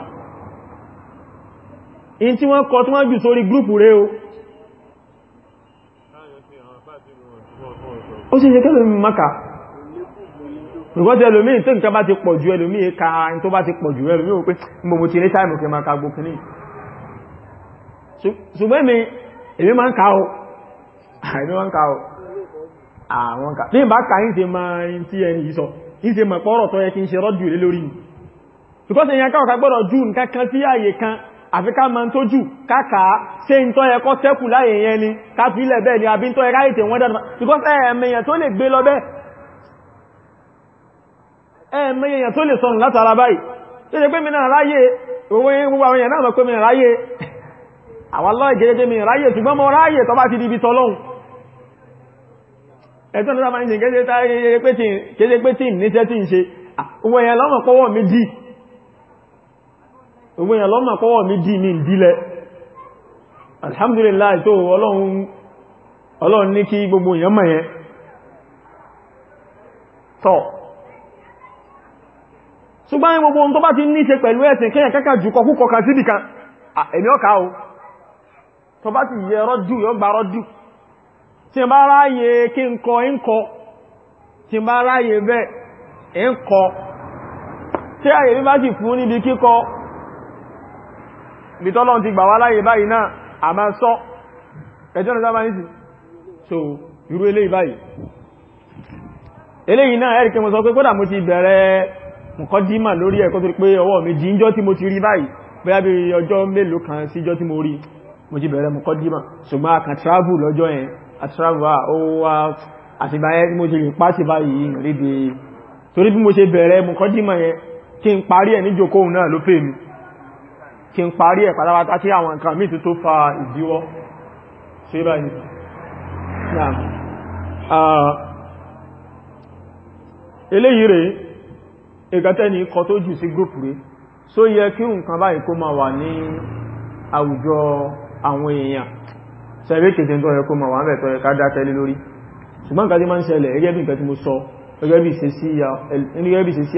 in tí wọ́n kọ tí wọ́n jù sórí gúrùpù rẹ̀ o ó sì ṣe kẹ́lò mi maka rùgbọ́tí ẹlòmí tí nǹkan bá ti pọ̀ jù ẹlòmí ka in tó bá ti pọ̀ jù ẹlòmí o pé gbogbo ti rí táìmù kẹ maka gbókìní ṣùgbọ́n mi èmi o àìní wọ́n o àwọn ka ní ìbá ka yí ṣe máa ń tí ẹni yìí sọ yí ṣe mọ̀ pọ́rọ̀ tó yẹ kí ń ṣe rọ́jù lé lórí ni because èyàn káwọ̀ ká gbọ́dọ̀ jù nǹkan kan sí àyè kan àfi ká ma ń tó jù káàkà ṣe ń tọ́ ẹkọ́ sẹ́kù láyé yẹn ni káàkì ilẹ̀ bẹ́ẹ̀ ni àbí ń tọ́ ẹká ètè wọ́n dáadáa because ẹ̀ẹ̀mẹ̀yàn tó lè gbé lọ bẹ́ẹ̀ ẹ̀ẹ̀mẹ̀yàn tó lè sọnù látara báyìí tó lè pé mi náà ráyè owó yẹn gbogbo àwọn èèyàn náà mọ̀ pé mi ráyè àwọn lọ́ọ̀ gẹ́gẹ́ mi ráyè ṣùgbọ́n mo ráyè tó bá ti di ibi tọ́lọ́hun ẹ̀tọ́ ní sábà ń ṣe kéde pé tí ń ní tẹ́ tí ń ṣe owó yẹn lọ́mọ̀ pọ́wọ́ mi dì gbogbo èèyàn lọ́mà pọ́wọ́ mi dì ní ìdílẹ̀ alhamdulillah tó ọlọ́run ní kí gbogbo ma mọ̀ yẹn tọ́ ṣùgbọ́n gbogbo ohun tó bá ti ní ṣe pẹ̀lú ẹ̀sìn kíyàn kẹ́kà jù kọkú kọkà síbì kan èmi o tó bá ti yẹ rọ́dù gba bitọ́lọ́n ti gbà wá láyé báyìí náà a máa sọ ẹjọ́ ní sábà nìsí so irú eléyìí báyìí eléyìí náà ẹ̀rì kí mo sọ pé kódà mo ti bẹ̀rẹ̀ mọ̀kọ́dímà lórí ẹ̀kọ́ tó pé ọwọ́ mi jí ńjọ́ tí mo ti rí báyìí bóyá bí ọjọ́ mélòó kan síjọ́ a kàn travel a travel ó wá àtìgbà yẹn mo ti lè pàṣẹ báyìí léde torí bí mo ṣe bẹ̀rẹ̀ kí n parí ẹ̀ pátápátá kí àwọn nǹkan mìí tó fa ìdíwọ́ ṣe báyìí eléyìí rẹ̀ ìgbàtẹ́ni kọ tó jù sí gúrùpù rẹ̀ só yẹ kí nǹkan báyìí kó máa wà ní àwùjọ àwọn èèyàn sẹ́bí kèsè tó yẹ kó máa wà ń bẹ̀tọ̀ ẹ̀ká dákẹ́ lé lórí ṣùgbọ́n nǹkan tí máa ń ṣẹlẹ̀ gẹ́gẹ́ bí nǹkan tí mo sọ gẹ́gẹ́ bí ṣe sí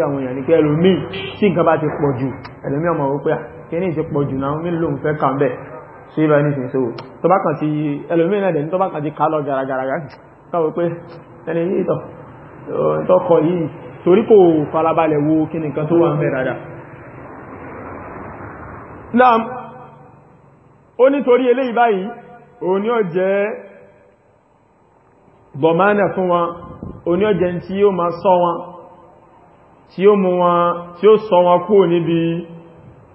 àwọn èèyàn ní pé ẹlòmíì tí nǹkan bá ti pọ̀ jù ẹlòmíì ọmọ òpé kíní ti pọ̀ jù náà mélòó ń fẹ́ kà ń bẹ̀ sí ibà ní ìsìn sówò tó bá kàn ti ẹlòmíì náà dẹ̀ni tó bá kàn ti kálọ̀ gàràgàrà káwọ pé ẹni yìí tọ̀ tọkọ yìí torí kò farabalẹ̀ wo kí nìkan tó wà ń bẹ̀ dáadáa bọ̀mánà fún wọn òun tí ó máa sọ wọn tí ó sọ wọn kúrò níbi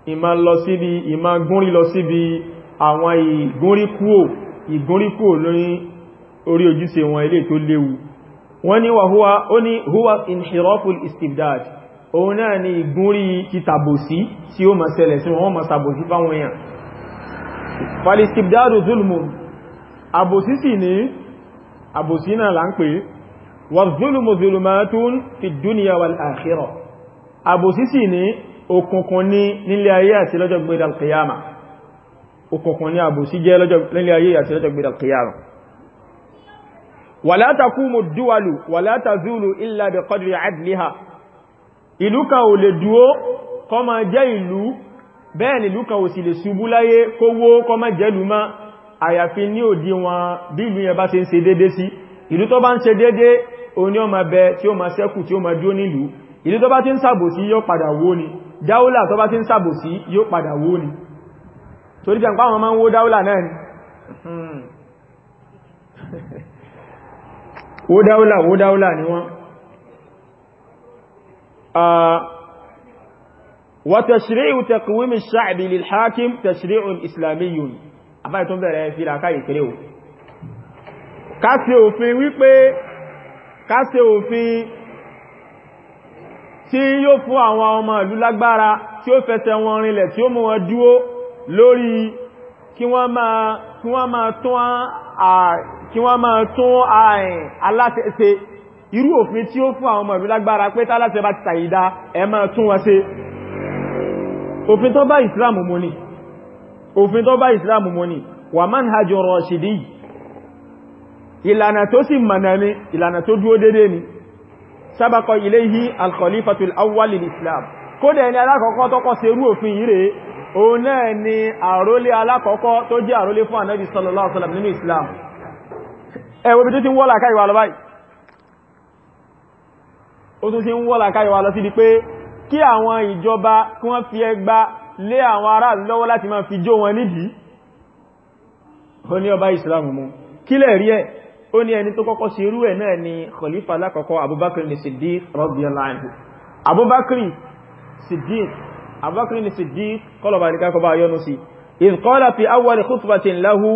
ìmá lọ síbi ìmá gúnrí lọ síbi àwọn ìgúnríkúò ìgúnríkúò lórí orí ojúṣe wọn ilé tó léwu wọ́n ní wà húwa ó ní húwa inhiraful istibdad òun náà ni ìgúnrí ti tàbòsí tí ó ma ṣẹlẹ̀ sí wọn ma tàbòsí fáwọn èèyàn falistibdadu zulmum àbòsí sì ní àbòsí náà là ń pè wà zulmu òkùnkùn ní nílé ayé àti lọ́jọ́ gbẹ̀dà kìyàmà òkùnkùn ní àbòsí jẹ́ nílé ayé àti lọ́jọ́ gbẹ̀dà kìyàmà wala taqumu duwalu wala tazulu illa bi qadri adliha ìlú kan ò lè dúó kó máa jẹ́ ìlú bẹ́ẹ̀ ni ìlú kan ò sì lè ṣubú láyé kó wó kó máa jẹ́ lù máa àyàfi ní òdí wọn bí ìlú yẹn bá ṣe ń ṣe dédé sí ìlú tó bá ń ṣe dédé òní ó bẹ tí ó máa ṣẹ́kù tí ó máa dúó nílùú ìlú tó bá ti ń ṣàbòsí yóò padà wó ni dáúlà tó bá ti ń sàbòsí yóò padà wó ni torí jẹ́ pàwọn máa ń wó dáúlà náà ni wó dáúlà wó dáúlà ni wọ́n وتشريع تقويم الشعب للحاكم تشريع اسلامي abai tó bẹ̀rẹ̀ fi ra kai kere o ká ṣe òfin wípé ká ṣe òfin tí yóò fún àwọn ọmọ ìlú lágbára tí ó fẹsẹ̀ wọn rinlẹ̀ tí ó mú wọn dúó lórí kí wọ́n máa tún ààrìn aláṣẹ́ṣe irú òfin tí ó fún àwọn ọmọ ìlú lágbára pé tálàṣẹ bá ti tàyídá ẹ máa tún wọn ṣe òfin tó bá ìsìlámù mú ni òfin tó bá ìsìlámù mú ni wà manhajur rashidi ìlànà tó sì mọ̀nà ni ìlànà tó dúó dédé ni sábàkọ ilayhi al-khalifatul awwal lil-islam kódẹ̀ ẹni alákọ̀ọ́kọ́ tọ́kọ́ sí irú òfin yìí rẹ̀ òun náà ni àrólé alákọ̀ọ́kọ́ tó jẹ́ àrólé fún ànábì sallallahu alaihi wasallam nínú islam ẹ wo bí tó ti ń wọ́lá káyíwá lọ báyìí ó tún ti ń wọ́lá káyíwá lọ sí di ó ní ẹni tó kọ́kọ́ sí irú ẹ̀ náà ni khalifa alákọ̀ọ́kọ́ abubakar ni siddiq radiyallahu anhu abubakar siddiq abubakar ni siddiq kọlọ̀bà ní kákọ́ bá yọnu sí iz qala fi awwal khutbatin lahu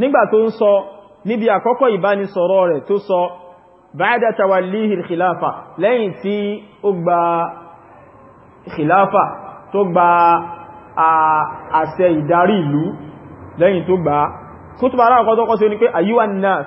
nígbà tó ń sọ níbi àkọ́kọ́ ìbánisọ̀rọ̀ rẹ̀ tó sọ ba'da tawallihi khilafa lẹ́yìn tí tó gba àṣẹ ìdarí ìlú tó kọ́ sí ó pé ayyuhan nas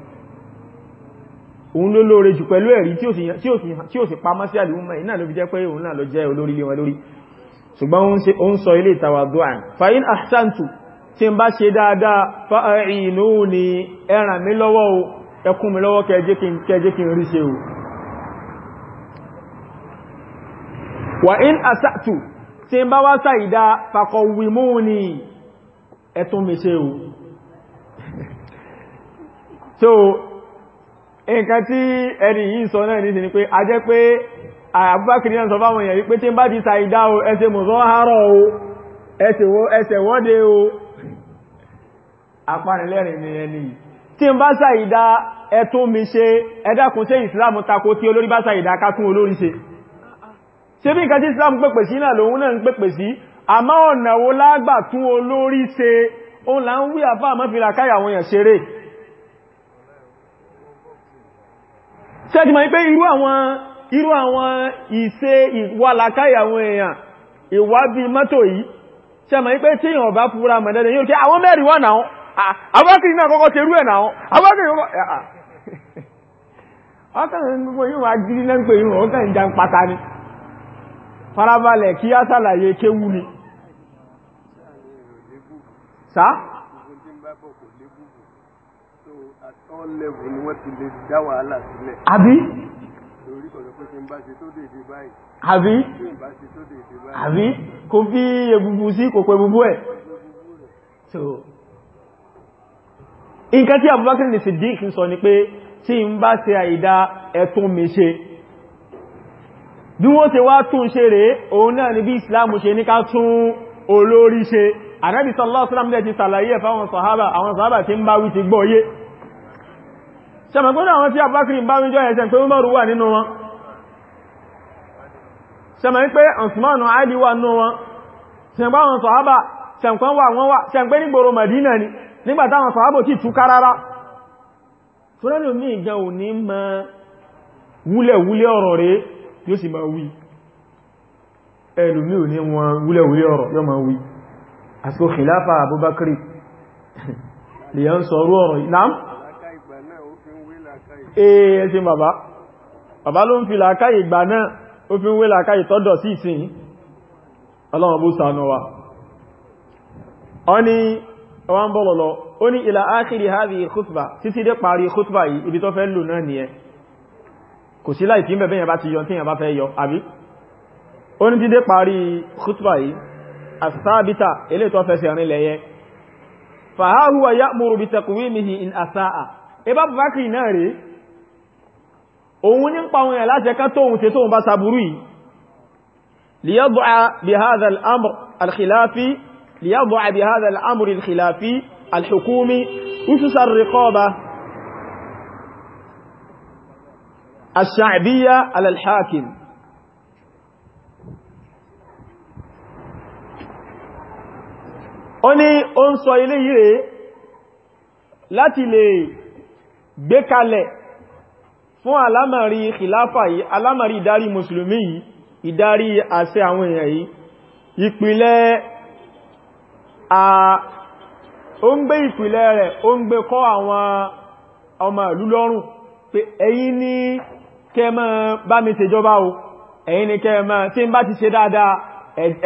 òun ló lóore jù pẹ̀lú ẹ̀rí tí ó sì pamọ́ sí àlùmọ́ iná ló fi jẹ́ pé òun náà ló jẹ́ olórí lé wọn lórí ṣùgbọ́n ó ń sọ ilé ìtawàdùn fa'in ahsantu tí n bá ṣe dáadáa fa'inu ni ẹ nǹkan tí ẹni yìí sọ náà nìsìn ni pé a jẹ́ pé àbúbákìrí náà sọ fáwọn èèyàn wípé tí ń bá ti sa ìdá o ẹsẹ̀ mọ̀sán àárọ̀ o ẹsẹ̀ wọ́de o apanilẹ́rìn ni ẹni tí ń bá sa ìdá ẹtún mi ṣe ẹdákun ṣe ìsìlámù tako tí olórí bá sa ìdá kátún olórí ṣe ṣe bí nǹkan tí ìsìlámù pèpè sí náà lòun náà ń pèpè sí àmọ́ ọ̀nà ṣẹ́tì máa ń pé irú àwọn irú àwọn ìṣe ìwàlàkáyà àwọn èèyàn ìwábi mọ́tò yìí ṣe máa ń pé tí èèyàn bá fura mọ̀dẹ́dẹ́ yóò kí àwọn mẹ́rin wà náà abákìrí náà kọ́kọ́ ṣerú ẹ̀ náà abákìrí kọ́kọ́ ọkàn gbogbo yóò wá gírí náà ń pè yóò ọkàn ìjà ń pata ni farabalẹ̀ kí á ṣàlàyé kéwú ni sáà level ni wọ́n ti lè dá wàhálà sílẹ̀. àbí. àbí. àbí kò fi egungun sí kòkó egungun ẹ̀. so nǹkan tí Abubakar ní Siddiq sọ ni pé tí n bá ṣe àìdá ẹ̀tún mi ṣe bí wọ́n ṣe wá tún ṣe rèé òun náà ni bí Islam ṣe ní ká tún olórí ṣe Ànábì ti ṣàlàyé ẹ̀ fáwọn sàhábà àwọn sàhábà tí ń bá wí ti gbọ́ yé sẹmọ̀gbọ́dọ̀ àwọn tí Abubakar bá ń jọ ẹ̀sẹ̀ pé Umaru wà nínú wọn sẹmọ̀ pé Usmanu Ali wà nínú wọn sẹmọ̀ àwọn sọ̀hábà sẹmọ̀kan wà wọ́n wà sẹmọ̀ nígboro Madina ni nígbàtà àwọn sọ̀hábà ti túká rárá tọ́lẹ́lì omi ìgbà ò ní ma wúlẹ̀wúlẹ̀ ọ̀rọ̀ rẹ̀ yóò sì máa wí ẹlùmí ò ní wọn wúlẹ̀wúlẹ̀ ọ̀rọ̀ yóò máa wí àsìkò khilafa Abubakar lè yán sọ orú ọ̀rọ̀ ìlàmù ee eh, ṣe bàbá bàbá ló ń fi làákàyè ìgbà náà ó fi ń wé làákàyè tọ́dọ̀ sí ìsìn ọlọ́run bó sànú wa ọ ní ọwá ń bọ̀lọ̀ lọ ó ní ìlà ákìrì hábi khutba títí dé parí khutba yìí ibi tó fẹ́ lò náà nìyẹn kò sí láì tí bẹ̀bẹ̀ yẹn bá ti yọ tí yẹn bá òun ní ń pa òun ẹ̀ láti ẹ̀ká tóhun tẹ tóhun bá sàbúrú yìí liyad'a bi hadha al-amr al-khilafi liyad'a bi hadha al-amr ó ní ó ń sọ ilé yìí rẹ̀ láti lè gbé kalẹ̀ fún alámàrí khilafa yìí alámàrí ìdarí mùsùlùmí yìí ìdarí àṣẹ àwọn èèyàn yìí ìpìlẹ̀ à ó ń gbé ìpìlẹ̀ rẹ̀ ó ń gbé kọ́ àwọn ọmọ ìlú lọ́rùn pé ẹ̀yin ni kẹ́ má bá mi ṣèjọba o ẹ̀yin ni kẹ́ má tí ń bá ti ṣe dáadáa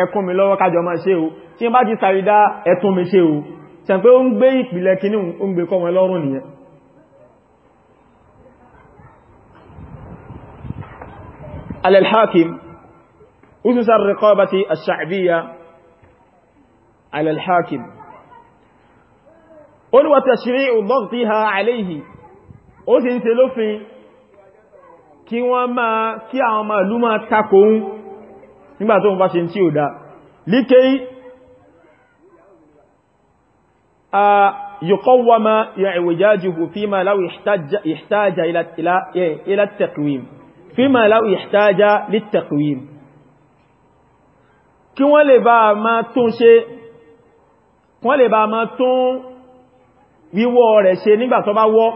ẹkún mi lọ́wọ́ kájọ máa ṣe o tí ń bá ti sàrídá ẹtún mi ṣe o ṣe pé ń gbé ìpìlẹ̀ kìíní ó ń gbé kọ́ wọn lọ́rùn nìyẹn على الحاكم أسس الرقابة الشعبية على الحاكم قل وتشريع ضغطها عليه ó sì ń ṣe lófin kí wọ́n máa kí àwọn ọmọ ìlú máa takò ń nígbà tó ń bá ṣe tí ò dá líké a yíkọ́wàmá ya ìwòjájú fi ma láwọ̀ ìhtájà ila taqwim fíma láwù ìhtájá lítàkwìm kí wọ́n lè bá máa tún ṣe wọ́n lè bá máa tún wíwọ́ rẹ̀ ṣe nígbà tó bá wọ́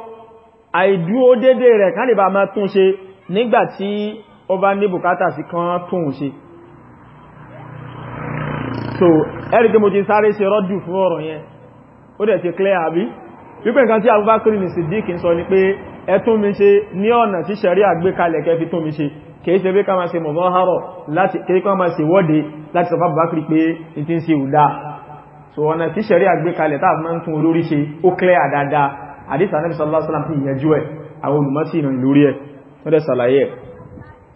àìdúró dédé rẹ̀ kán lè bá máa tún ṣe nígbà tí ó bá ní bùkátà sí kan tún ṣe so ẹ̀rì kí mo ti sáré ṣe rọ́dù fún ọ̀rọ̀ yẹn ó dẹ̀ ti clear àbí wípé nǹkan tí Abubakar ní Siddiq sọ ni pé ẹ tún mi ṣe ní ọ̀nà tí ṣẹ̀rí àgbé kalẹ̀ kẹfì tún mi ṣe kìí ṣe bí ká máa ṣe mọ̀mọ́ harọ̀ láti kìí ká máa ṣe wọ́de láti sọfá Abubakar pé n ti ń ṣe ìwúdá so ọ̀nà tí ṣẹ̀rí àgbé kalẹ̀ táà máa ń tún olórí ṣe ó clear dáadáa àdìsí Ànábì sallallahu alaihi wasallam fi ìyẹjú ẹ̀ àwọn olùmọ́sí ìrìn lórí ẹ̀ wọ́n dẹ̀ sàlàyé ẹ̀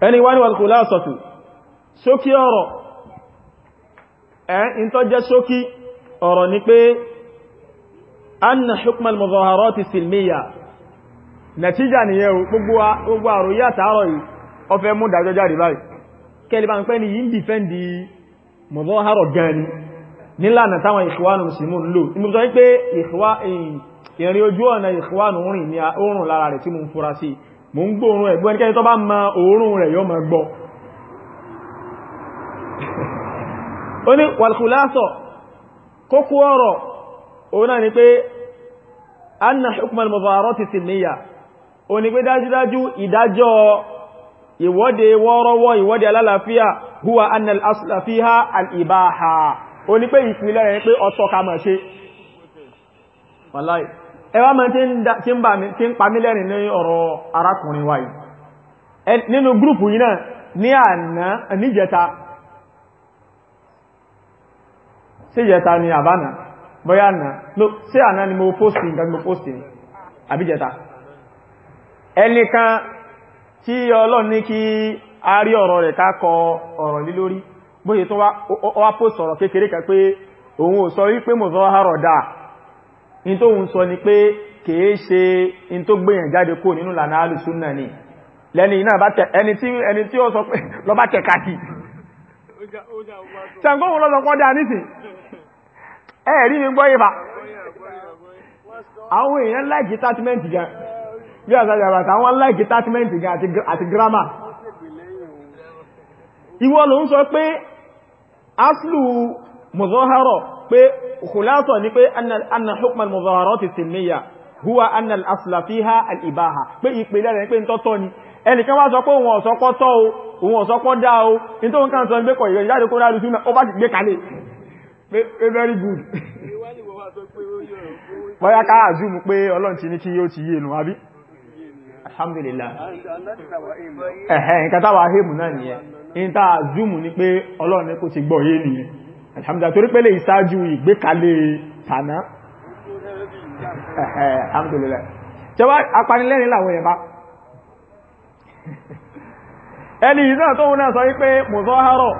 ẹni wá ní wal khulasatu ṣókí ọ̀rọ̀ ẹ̀ ń tọ́jẹ́ ṣókí ọ̀rọ̀ ni pé anna hukm al-muzaharat as-silmiyya natija ni yẹn gbogbo gbogbo àròyé àtàárọ̀ yìí ó fẹ́ mú dájọ́ jáde báyìí kẹ́lì bá ń pẹ́ ni yìí ń dìfẹ́ndì muzahara gan ni nílànà táwọn ikhwanu muslimun lò ní sọ pé ìrìn ojú ọ̀nà ikhwanu rìn ní oòrùn lára rẹ̀ tí mo ń fura sí mo ń gbóòrùn ẹ̀gbọ́n ẹnikẹ́ni tó bá ma oòrùn rẹ̀ yóò ma gbọ́ ó wal khulasa kókó ọ̀rọ̀ ni pé anna hukman mubarati sinmiya ó ní pé dájúdájú ìdájọ́ ìwọ́de wọ́rọ́wọ́ ìwọ́de alálàáfíà huwa anna al-asla fiha al-ibaha ó ní pé ìpìlẹ̀ rẹ̀ pé ọ̀tọ̀ ká máa ṣe wallahi ẹwà mọ́ tí ń pa mí lẹ́rin ní ọ̀rọ̀ arákùnrin wáyìí nínú gúrùpù yìí náà ní àná níjẹta síjẹta ni àbánà bọ́yá àná no sí àná ni mo post nǹkan mo post ní àbíjẹta ẹnìkan tí ọlọ́run ní kí a rí ọ̀rọ̀ rẹ̀ ká kọ ọ̀rọ̀ lé lórí bóyẹ tó wá post ọ̀rọ̀ kékeré kan pé òun ò sọ wípé mo sọ àrọ̀ dáa in tó ń sọ ni pé kìí ṣe in ni ẹ̀rí mi gbọ́ yípa àwọn èèyàn láìkì tátìmẹ́ntì gan bí àtàjà bàtà àwọn láìkì tátìmẹ́ntì gan àti gírámà ìwọ ló ń sọ pé aṣlù mọ̀zọ́hárọ̀ pé kùlátọ̀ ní pé anna hukman mọ̀zọ́hárọ̀ ti sinmiya huwa anna al'asla fiha al'ibaha pé ìpìlẹ̀ rẹ̀ pé ń tọ́tọ́ ni ẹnìkan wá sọ pé òun ọ̀sọ́pọ̀ tọ́ o òun ọ̀sọ́pọ̀ dá o ti gbé kalẹ̀ pé very good bọ́yá káà zoom pé ọlọ́run ti ní kí yóò ti yé nù àbí alhamdulillah ẹ̀hẹ́ nǹkan zoom ní pé ọlọ́run ní kó ti gbọ́ yé nìyẹn alhamdulillah torí pé lè ìsáájú ìgbékalẹ̀ tàná ẹ̀hẹ́ alhamdulillah tẹwà apanilẹ́rin làwọn ẹ̀bá ẹni ìdáà tóun náà sọ wípé mùsọ́hárọ̀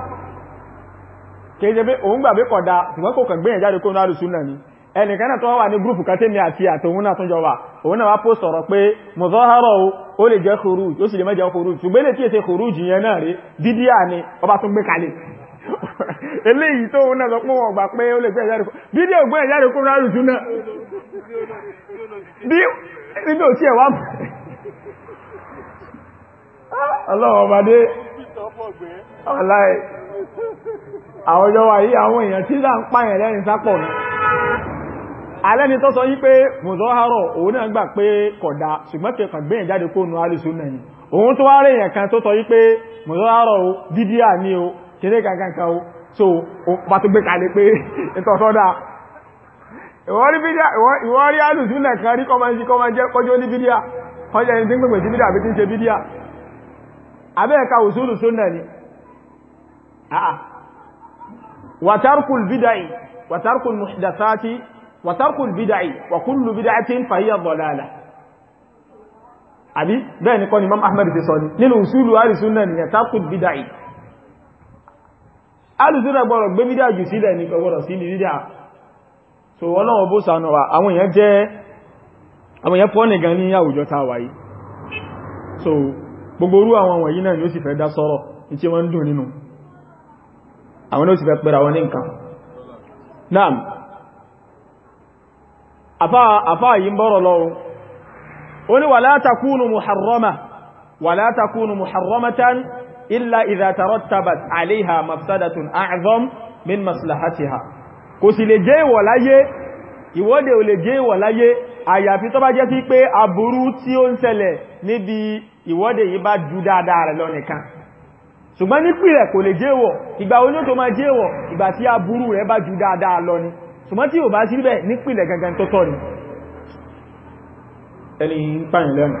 kéèjẹ́ pé òun gbàgbé kọ̀dá ṣùgbọ́n kò kàn gbéyàn jáde kó ní alùsùn náà ni ẹnìkan náà tó wà ní gúrùpù kan tèmi àti àtòun náà tún jọ wà òun náà wá post ọ̀rọ̀ pé mọ̀zọ́hárọ̀ ó lè jẹ́ khuruj ó sì lè má jẹ́ khuruj ṣùgbọ́n lè tíyẹ̀ ṣe khuruj yẹn náà rí dídí àní ọba tún gbé kalẹ̀ eléyìí tó òun náà sọ pé wọ́n gbà pé ó lè gbé ẹ̀jáde dídí ògbé ẹ̀jáde kó ní alùsùn náà bí níbi òtí ẹ̀ wá ọlọ́wọ́ ọmọdé ọláì àwọn ọjọ́ wa yìí àwọn èèyàn tí dáa ń pààyàn lẹ́rin sápọ̀ ní alẹ́ni tó sọ yí pé mùsọ́hárọ̀ òun náà gbà pé kódà ṣùgbọ́n kẹkàn gbẹ̀yìn jáde kó nù alìsù nẹ̀yìn òun tó wá rí èèyàn kan tó sọ yí pé mùsọ́hárọ̀ o dídí à ní o kéré kankankan o so bá tó gbé kalẹ̀ pé ìtọ̀sọ́dá ìwọ́n rí alìsù nẹ̀kan rí kọjọ́ ní bídíà kọjọ́ ní tí ń pèpè sí bídíà àbí tí ń ṣe bídíà abẹ́ẹ̀ka òṣùlù sónà وترك البدع وترك المحدثات وترك البدع وكل بدعة فهي ضلالة àbí bẹ́ẹ̀ ni kọ́ ni Imam Ahmad ti sọ ní nínú ìṣúlù àrísúnnà nìyàn tarku al-bid'i alùsúnnà gbọ́rọ̀ gbé bídá jù sílẹ̀ ní gbọ́rọ̀ sí ní bídá so ọlọ́wọ́ bó sànà wà àwọn èèyàn jẹ́ àwọn èèyàn so gbogbo orú àwọn wọ̀nyí náà ni ó sì àwọn ó sì fẹ́ pẹ̀rẹ̀ àwọn ní nǹkan náà àfáà yìí ń bọ́rọ̀ lọ́rùn ó ní wala takunu muharrama wala takunu muharramatan illa idha tarattabat alayha mafsadatun a'zam min maslahatiha kò sì lè jẹ́ ìwọ̀ láyé ìwọ́de jẹ́ ìwọ̀ àyàfi tó bá jẹ́ sí pé aburú tí ó ń ṣẹlẹ̀ níbi ìwọ́de yìí bá ju dáadáa rẹ̀ lọ nìkan ṣùgbọ́n nípìlẹ̀ kò lè jẹ́wọ̀ ìgbà oní tó máa jẹ́wọ̀ ìgbà tí aburú rẹ̀ bá ju dáadáa lọ ni ṣùgbọ́n tí ò bá sí bẹ́ẹ̀ nípìlẹ̀ gangan tọ́tọ́ ni ẹni ń pàyìn lẹ́nu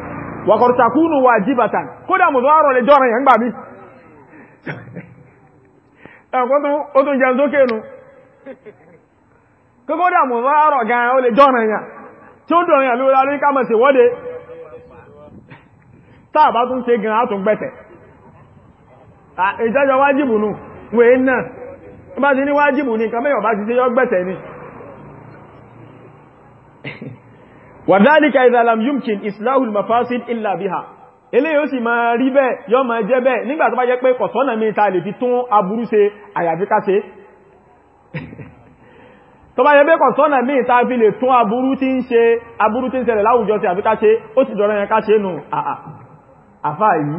wàkọ̀rọ̀tàkúnù wà jíbàtà kódà mọ̀ tó rọ̀ lè jọ́rọ̀ yẹn gbà mí ó tún jẹun sókè nù kódà mọ̀ tó rọ̀ gan ó lè jọ́rọ̀ yẹn tí ó dọ̀rọ̀ yẹn lórí ká mọ̀ sí wọ́de táà bá tún ṣe gan á gbẹ̀tẹ̀ Ah, ìjọjọ wájìbù nù wèé náà tó bá ti ní wájìbù ní nǹkan mẹ́yàn bá ti ṣe yọ gbẹ̀tẹ̀ ni wàdálíkà ìzàlàm yumkin islahul mafasid illa biha eléyìí ó sì máa rí bẹ́ẹ̀ yọ máa jẹ́ bẹ́ẹ̀ nígbà tó bá jẹ́ pé kọ̀sọ́nà mi ta lè fi tún aburú ṣe àyàfi ká ṣe tó bá jẹ́ pé kọ̀sọ́nà mi ta fi lè tún aburú tí ń ṣe aburú tí ń ṣẹlẹ̀ láwùjọ sí àfi ká ṣe ó sì dọ̀rọ̀ yẹn ká ṣe àfáà yìí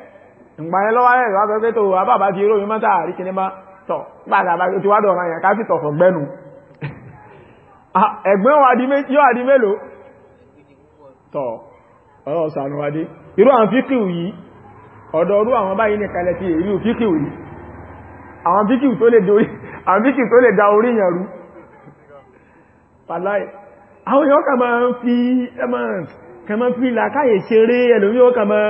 ìgbà yẹn lọ́wọ́ rẹ̀ wá sọ pé tó àbábá ti rómi mọ́tà àrí kìíní bá tọ̀ nígbà tàbá ti wá dọ̀rọ̀ yẹn káfí tọ̀ fọ̀gbẹ́nu ah, ẹ̀gbẹ́ yóò àdí mélòó tọ̀ ọ̀rọ̀ sànúwádé irú àwọn fíkìw yìí ọ̀dọ̀ ọdún àwọn báyìí ní kalẹ̀ ti èrí fíkìw yìí àwọn fíkìw tó lè da orí yẹn rú pàláì àwọn yóò kà máa fi làkáyè ṣeré ẹlòmí yóò kà máa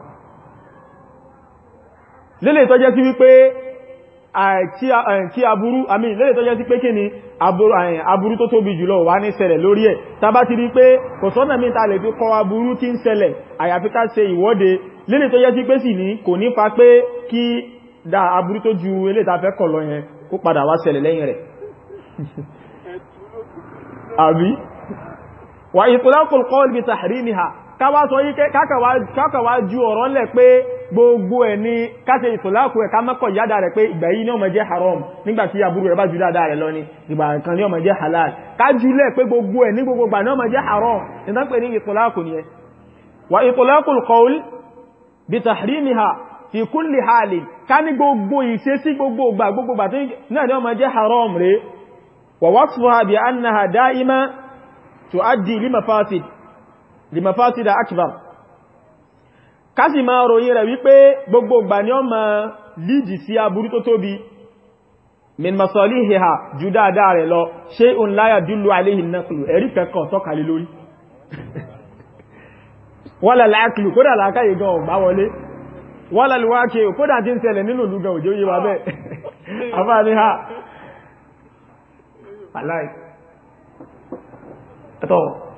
lélè tó jẹ́ sí wípé eh, eh, tí aburú àmì lélè tó jẹ́ sí pé kí ni aburú eh, tó tóbi jùlọ wà ní ṣẹlẹ̀ lórí ẹ̀ tàbá ti rí pé kò sọ́nà mi ta lè fi kọ aburú tí ń ṣẹlẹ̀ àyàfi ká ìwọ́de lélè tó sí pé sì ní kò ní fa pé kí da aburú tó ju elé ta fẹ́ kọ̀ lọ yẹn kó padà ha káwá sọ yí kákàwá ju ọ̀rọ̀ lẹ̀ pé gbogbo ẹ̀ ní káṣe ìtòláàkù ẹ̀ ká mọ́kọ̀ yádà rẹ̀ pé ìgbà yìí ní ó máa jẹ́ haram nígbàtí àbúrú rẹ̀ bá jù dáadáa rẹ̀ lọ ní ìgbà kan ní ó jẹ́ halal ká jùlẹ̀ pé gbogbo ẹ̀ ní gbogbo gbà ní ó jẹ́ haram tuaddi li mafasid limafasida akbar kásì máa ròyìn rẹ̀ wípé gbogbo ìgbà ni ó máa lídì sí aburú tó tóbi min masalihiha jù dáadáa rẹ̀ lọ shay'un la yadullu alayhi an-naqlu ẹ̀rí kẹ́kọ̀ọ́ tọ́kalẹ̀ lórí wala al-aqlu kódà làákàyè gan ọ̀gbá wọlé wala al-waqi' kódà tí ń tẹ̀lẹ̀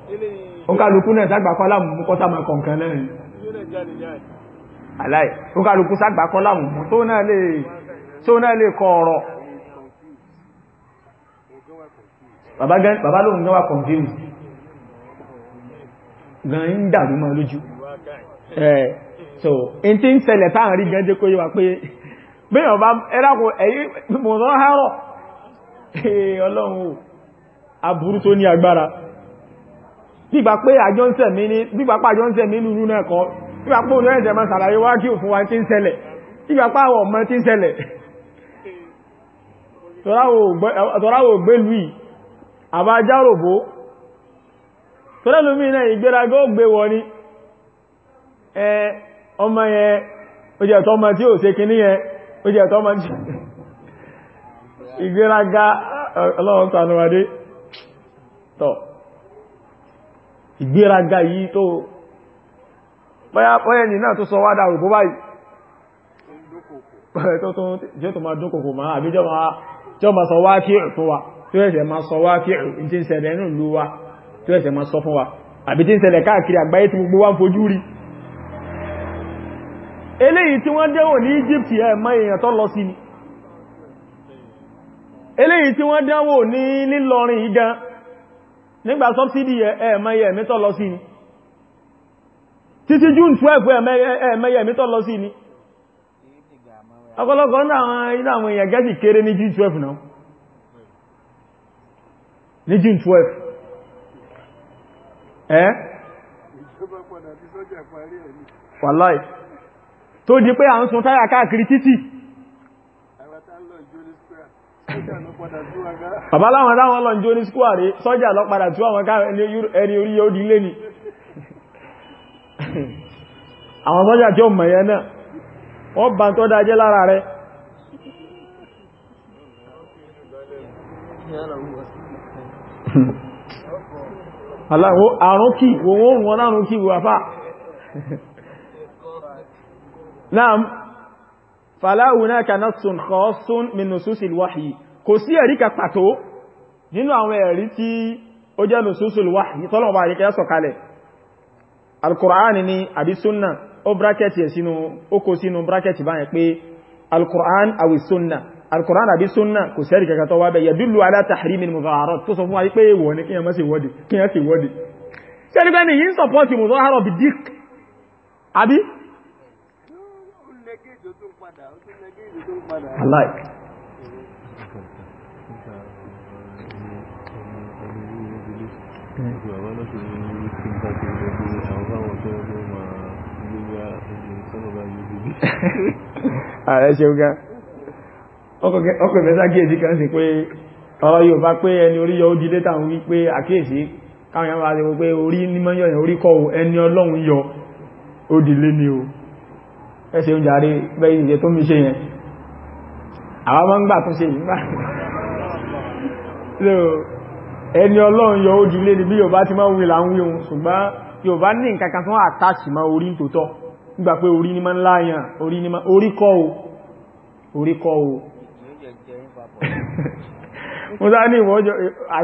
òkàlùkù náà sàgbà kọ́ láàmù mú kọ́tà máa kọ̀ǹkan náà aláì òkàlùkù sàgbà kọ́ láàmù mú tó náà lè kọ ọ̀rọ̀ bàbá lóhun náà wà kọ̀ǹfíìmù gan ń dàrú mọ́ lójú ẹ̀ so in ti ń ṣẹlẹ̀ táà rí gan jẹ́ kó yíwa pé bíyàn bá ẹ́rákùn ẹ̀yí mọ̀sán hárọ̀ ọlọ́run aburú tó ní agbára bígbà pé àjọ ń sẹ̀mí ní bígbà pé àjọ ń sẹ̀mí lúrú náà kọ́ bígbà pé òun ẹ̀sẹ̀ máa sàlàyé wá kí òfin wa ti ń ṣẹlẹ̀ bígbà pé àwọn ọmọ ti ń ṣẹlẹ̀ tọ́ráwò gbélú yìí àbájáròbó tọ́lẹ́lùmí náà ìgbéraga ó gbé wọ ní ọmọ yẹn ó jẹ́ tọ́mọ tí ò ṣe kinní yẹn ó jẹ́ tọ́mọ tí ìgbéraga ọlọ́run tànúwádé tọ́ ìgbéraga yìí tó bọ́yá ní náà tó sọ wá dáàrù bó báyìí tí ó tó máa dúnkòkò máa àbí tí ó máa sọ wá kí fún wa tí ó ẹ̀sẹ̀ máa sọ wá kí tí ń ṣẹlẹ̀ nínú ìlú wa tí ó ẹ̀sẹ̀ máa sọ fún wa àbí tí ń ṣẹlẹ̀ káàkiri àgbáyé tí gbogbo wa ń fojú rí eléyìí tí wọ́n dẹ́wò ní Egypt ẹ̀ mọ́ èèyàn tó lọ sí ni eléyìí tí wọ́n dẹ́wò ní lílọrin igan nígbà subsidi ẹ̀ẹ̀mẹ́yẹ ẹ̀mẹ́tọ́ lọ sí ni títí June 12 ẹ̀ẹ̀mẹ́yẹ ẹ̀mẹ́tọ́ lọ sí ni ọ̀pọ̀lọpọ̀ ní àwọn èèyàn gẹ́sì kéré ní June 12 náà ní June 12 ẹ́ wàláì tó di pé à ń sun táyà káàkiri títì bàbá láwọn táwọn lọ jó ní skúwàrí sọ́jà lọ padà tí àwọn ká ẹni orí yóò dílé ni àwọn sọ́jà tí ó mẹ̀yẹ náà wọ́n bá tó dájẹ́ lára rẹ̀ àrùn kí wọ́n rùn wọn láàrùn kí wọ́n fà náà fàlá hunaka nassun khassun min nususil wahyi kò sí ẹ̀rí kan pàtó nínú àwọn ẹ̀rí tí ó jẹ́ nususil wahyi tọ́lọ̀wọ́ àríkẹ́ sọ̀kalẹ̀ alkùránì ni àbí súnnà ó brákẹ̀tì ẹ̀ sínú ó kó sínú brákẹ̀tì báyẹn pé alkùrán àwì súnnà alkùrán alike. ààrẹ ṣeun gan ọkọ̀ ìfẹ́sá kíyèsí kan sí pé ọ̀rọ̀ yóò bá pé ẹni orí yọ ó létà ń wí pé àkíyèsí káwọn yàmà àti wípé orí nímọ̀ yọ orí kọ́ ẹni ọlọ́run yọ ó di lé o ẹ ṣeun jàre bẹ́yìn ìjẹ tó mi ṣe yẹn àwọn máa ń gbà tún ṣe ìgbà ẹni ọlọ́run yọ ó dílé ní bí yóò bá ti máa ń wílà ń wí ohun ṣùgbọ́n yóò bá ní nǹkan kan àtàṣì máa orí tòótọ́ nígbà pé orí ní máa ń láyàn orí kọ́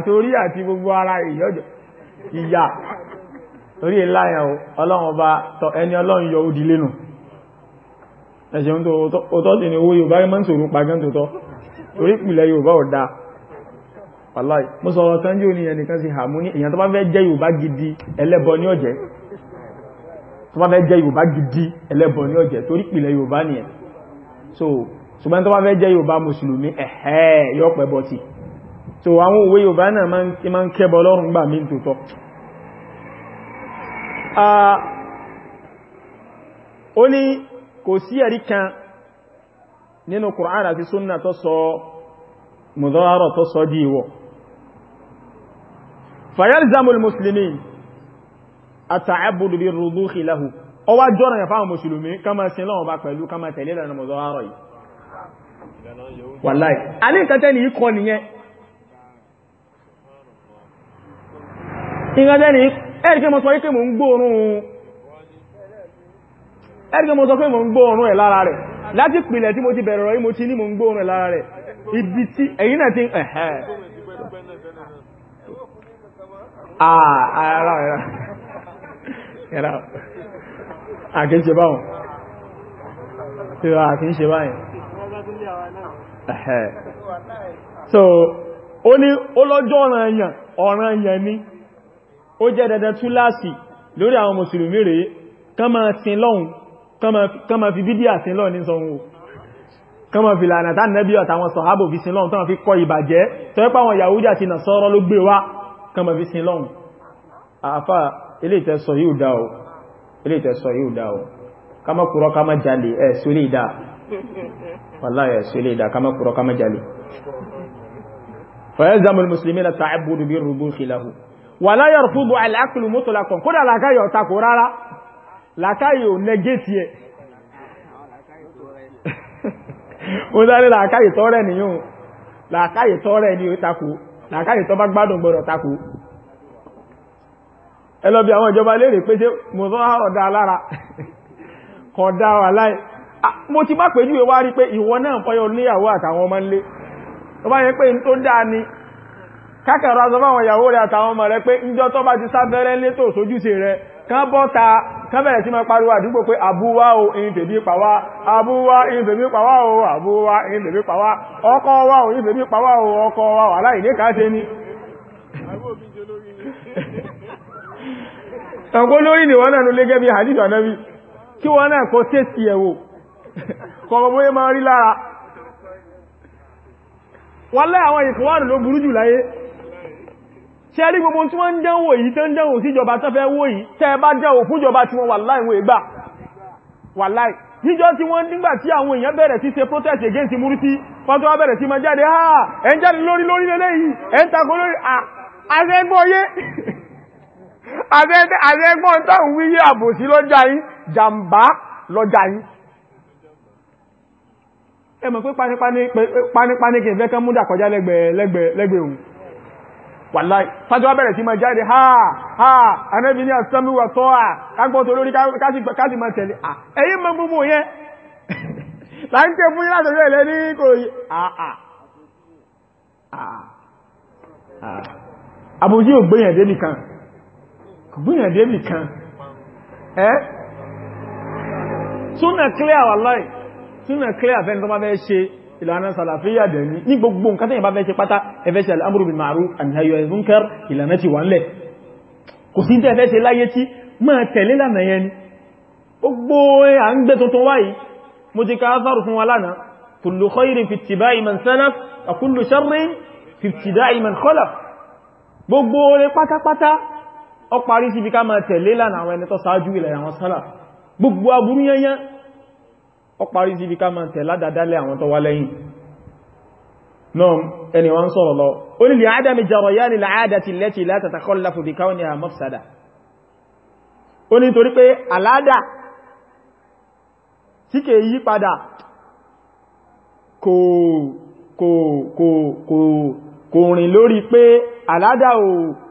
o gbogbo ara ìyọ́jọ́ ìyà orí ìláyàn ọlọ́run ọba ẹni ọlọ́run yọ ó ẹ̀ṣẹ̀ tó ọ̀tọ̀ sí owó yóò bá rí mọ́n sòrò pàgán tó tọ́ torí pìlẹ̀ yóò bá ọ̀dá wàláì mú sọ ọ̀tán jí ò ní ẹnìkan sí hàmú ní èyàn tó bá fẹ́ jẹ́ Yorùbá gidi ẹlẹ́bọ ní ọ̀jẹ́ tó bá fẹ́ jẹ́ Yorùbá gidi ẹlẹ́bọ ní ọ̀jẹ́ torí pìlẹ̀ Yorùbá nìyẹn so ṣùgbọ́n tó bá fẹ́ jẹ́ Yorùbá mùsùlùmí ẹ̀hẹ́ yọ pẹ́ bọ́ sí so àwọn òwe Yorùbá náà máa ń kẹ́bọ lọ́rùn gbà mí tó ah, ó ní kò sí ẹ̀rí kan nínú Kùránì àti súnnà tó sọ mùdọ́rọ̀ tó sọ di ìwọ̀ fayalzamul muslimin at-ta'abbud bir-rudukh lahu ó wá jọ́rọ̀ yẹn fáwọn mùsùlùmí ká máa sin lọ́wọ́ bá pẹ̀lú ká tẹ̀lé lẹ́nu mùdọ́rọ̀ yìí wàláì a ní nǹkan tẹ́ni ikọ̀ nìyẹn ìrìnàjẹ́ ni kí mo sọ ikẹ́ mo ń gbóòrùn ẹ̀rìgẹ́ mo sọ pé mo ń gbọ́ oorun ẹ̀ lára rẹ̀ láti pìlẹ̀ tí mo ti bẹ̀rẹ̀ rọ̀ mo ti ní mo ń gbọ́ oorun ẹ̀ lára rẹ̀ ibi tí ẹ̀yìn náà ti ẹ̀hẹ́ ara ẹ̀rọ ó so ó ní ọlọ́jọ́ ọ̀ràn èèyàn ọ̀ràn èèyàn ni ó jẹ́ dandan túláàsì lórí àwọn mùsùlùmí rèé kán máa sin lọ́hun kánmà fi bídíà sí lọ ní sọ́wọ́ kánmà fi lànà tá nẹ́bí àtàwọn sọ̀hábò fi sí lọ́n tán fi kọ ìbàjẹ́ tó yẹ́ pàwọn Yahudi àti Nasara ló gbé wá kánmà fi sí lọ́n àfà ilé ìtẹ́sọ̀ yóò dá o ilé ìtẹ́sọ̀ yóò dá o kánmà kúrò kánmà jalè ẹ̀ sí ilé ìdá wallahi ẹ̀ sí ilé ìdá kánmà kúrò kánmà jalè فيلزم المسلمين التعبد بالربوخ له ولا يرفض العقل مطلقا كل لا كاي يتاكو rárá làkáyì ò nẹgẹ́tì ẹ̀ ó sáré làkáyì tọ́rẹ̀ nìyàn làkáyì tọ́rẹ̀ ní ìtakò làkáyì tọ́ bá gbádùn gbọ́dọ̀ takò ẹlọ́bí àwọn ìjọba léèrè pé ṣe mo ha ọ̀dá alára kọ̀dá wà láì ah, mo ti bá pẹ̀jú ìwá rí pé ìwọ náà fọ́yọ́ níyàwó àtàwọn ọmọ nlé tó bá yẹ pé n tó dáa ni kákẹ̀rọ àwọn ìyàwó rẹ̀ àtàwọn ọmọ rẹ̀ pé ìjọ tó bá ti sábẹ́rẹ́ kán bọ́ta kán bẹ̀rẹ̀ sí máa pariwo àdúgbò pé àbúwá o ìfèbí pàwá àbúwá ìfèbí pàwá o àbúwá ìfèbí pàwá ọkọ o ìfèbí pàwá o ọkọ wa wà láìní káàtẹ́ ni ẹ̀kọ́ lórí ni wọ́n náà ló bí hadith kí wọ́n náà kó tẹ́sì ẹ̀wò kọ̀ọ̀bọ̀bọ̀yẹ ṣe rí gbogbo tí wọ́n ń dánwò yìí tán dánwò sí ìjọba tán fẹ́ wó yìí tẹ́ bá dánwò fún ìjọba tí wọ́n wà láì wọ́n ìgbà wà láì níjọ́ tí wọ́n nígbà tí àwọn èèyàn bẹ̀rẹ̀ sí ṣe protest against Mursi wọ́n tó wá bẹ̀rẹ̀ sí máa jáde ha ẹ̀ ń jáde lórí lórí lélẹ́ yìí ẹ̀ ń takò lórí àṣẹ́gbọ́yé àṣẹ́gbọ́n táwọn wíyé àbòsí lọ́jà yìí jàǹbá lọ́jà yìí ẹ mọ̀ pé pánípáníkì ìfẹ́ kan múdà kọjá lẹ́gbẹ̀ẹ́ lẹ́gbẹ̀ẹ́ òun wàláì fájọ́ bẹ̀rẹ̀ sí ma jáde ha ha anẹ́bì ní àsánmíwà tọ́ à kágbọ́tò lórí káàkiri ma tẹ̀lé à èyí mọ́ gbogbo yẹn láńkẹ́ fún yí látọ̀jọ́ ilẹ̀ ní kò yí àbújí ò gbéyàn débì kan gbéyàn débì kan ẹ́ súnà clear wàláì súnà clear fẹ́ni tó má ìlànà sàlàfíyà dẹ̀ ní ní gbogbo nǹkan tẹ́yìn bá fẹ́ ṣe pátá ẹfẹ́ ṣe al'amuru bil ma'ruf àníhayọ ẹ̀zúnkẹ́r ìlànà ti wà ńlẹ̀ kò sí tẹ́fẹ́ ṣe láyé tí máa tẹ̀lé lànà yẹn ni gbogbo à ń gbé tuntun wáyìí mo ti ká fárù fún wa lánàá kullu khairin fi ittiba'i man salaf wa kullu sharrin fi ibtida'i man khalaf gbogbo ore pátápátá ó parí síbi ó parí sí ibi ká máa tẹ̀ ládàdálẹ̀ àwọn tó wá lẹ́yìn náà ẹni wọ́n sọ̀rọ̀ lọ ó ní li'adami jarayani al'adati allati la tatakhallafu bi kawniha mafsada ó ní torí pé àládà tí kè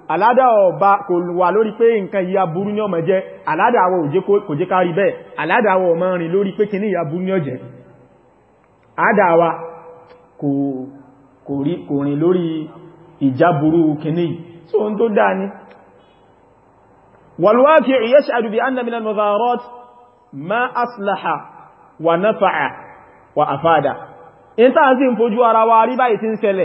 aládà ọba kò wà lórí pé nǹkan ìyá burú ní ọmọ jẹ́ aládà àwọ̀ kò jẹ́ kárí bẹ́ẹ̀ aládà àwọ̀ ọmọ rìn lórí pé kí ní ìyá burú ní ọjẹ́ àádáwa kò rìn lórí ìjà burú kìíní so n tó dáa ni wàlúwákì yash'adu bi ń sí ń fojú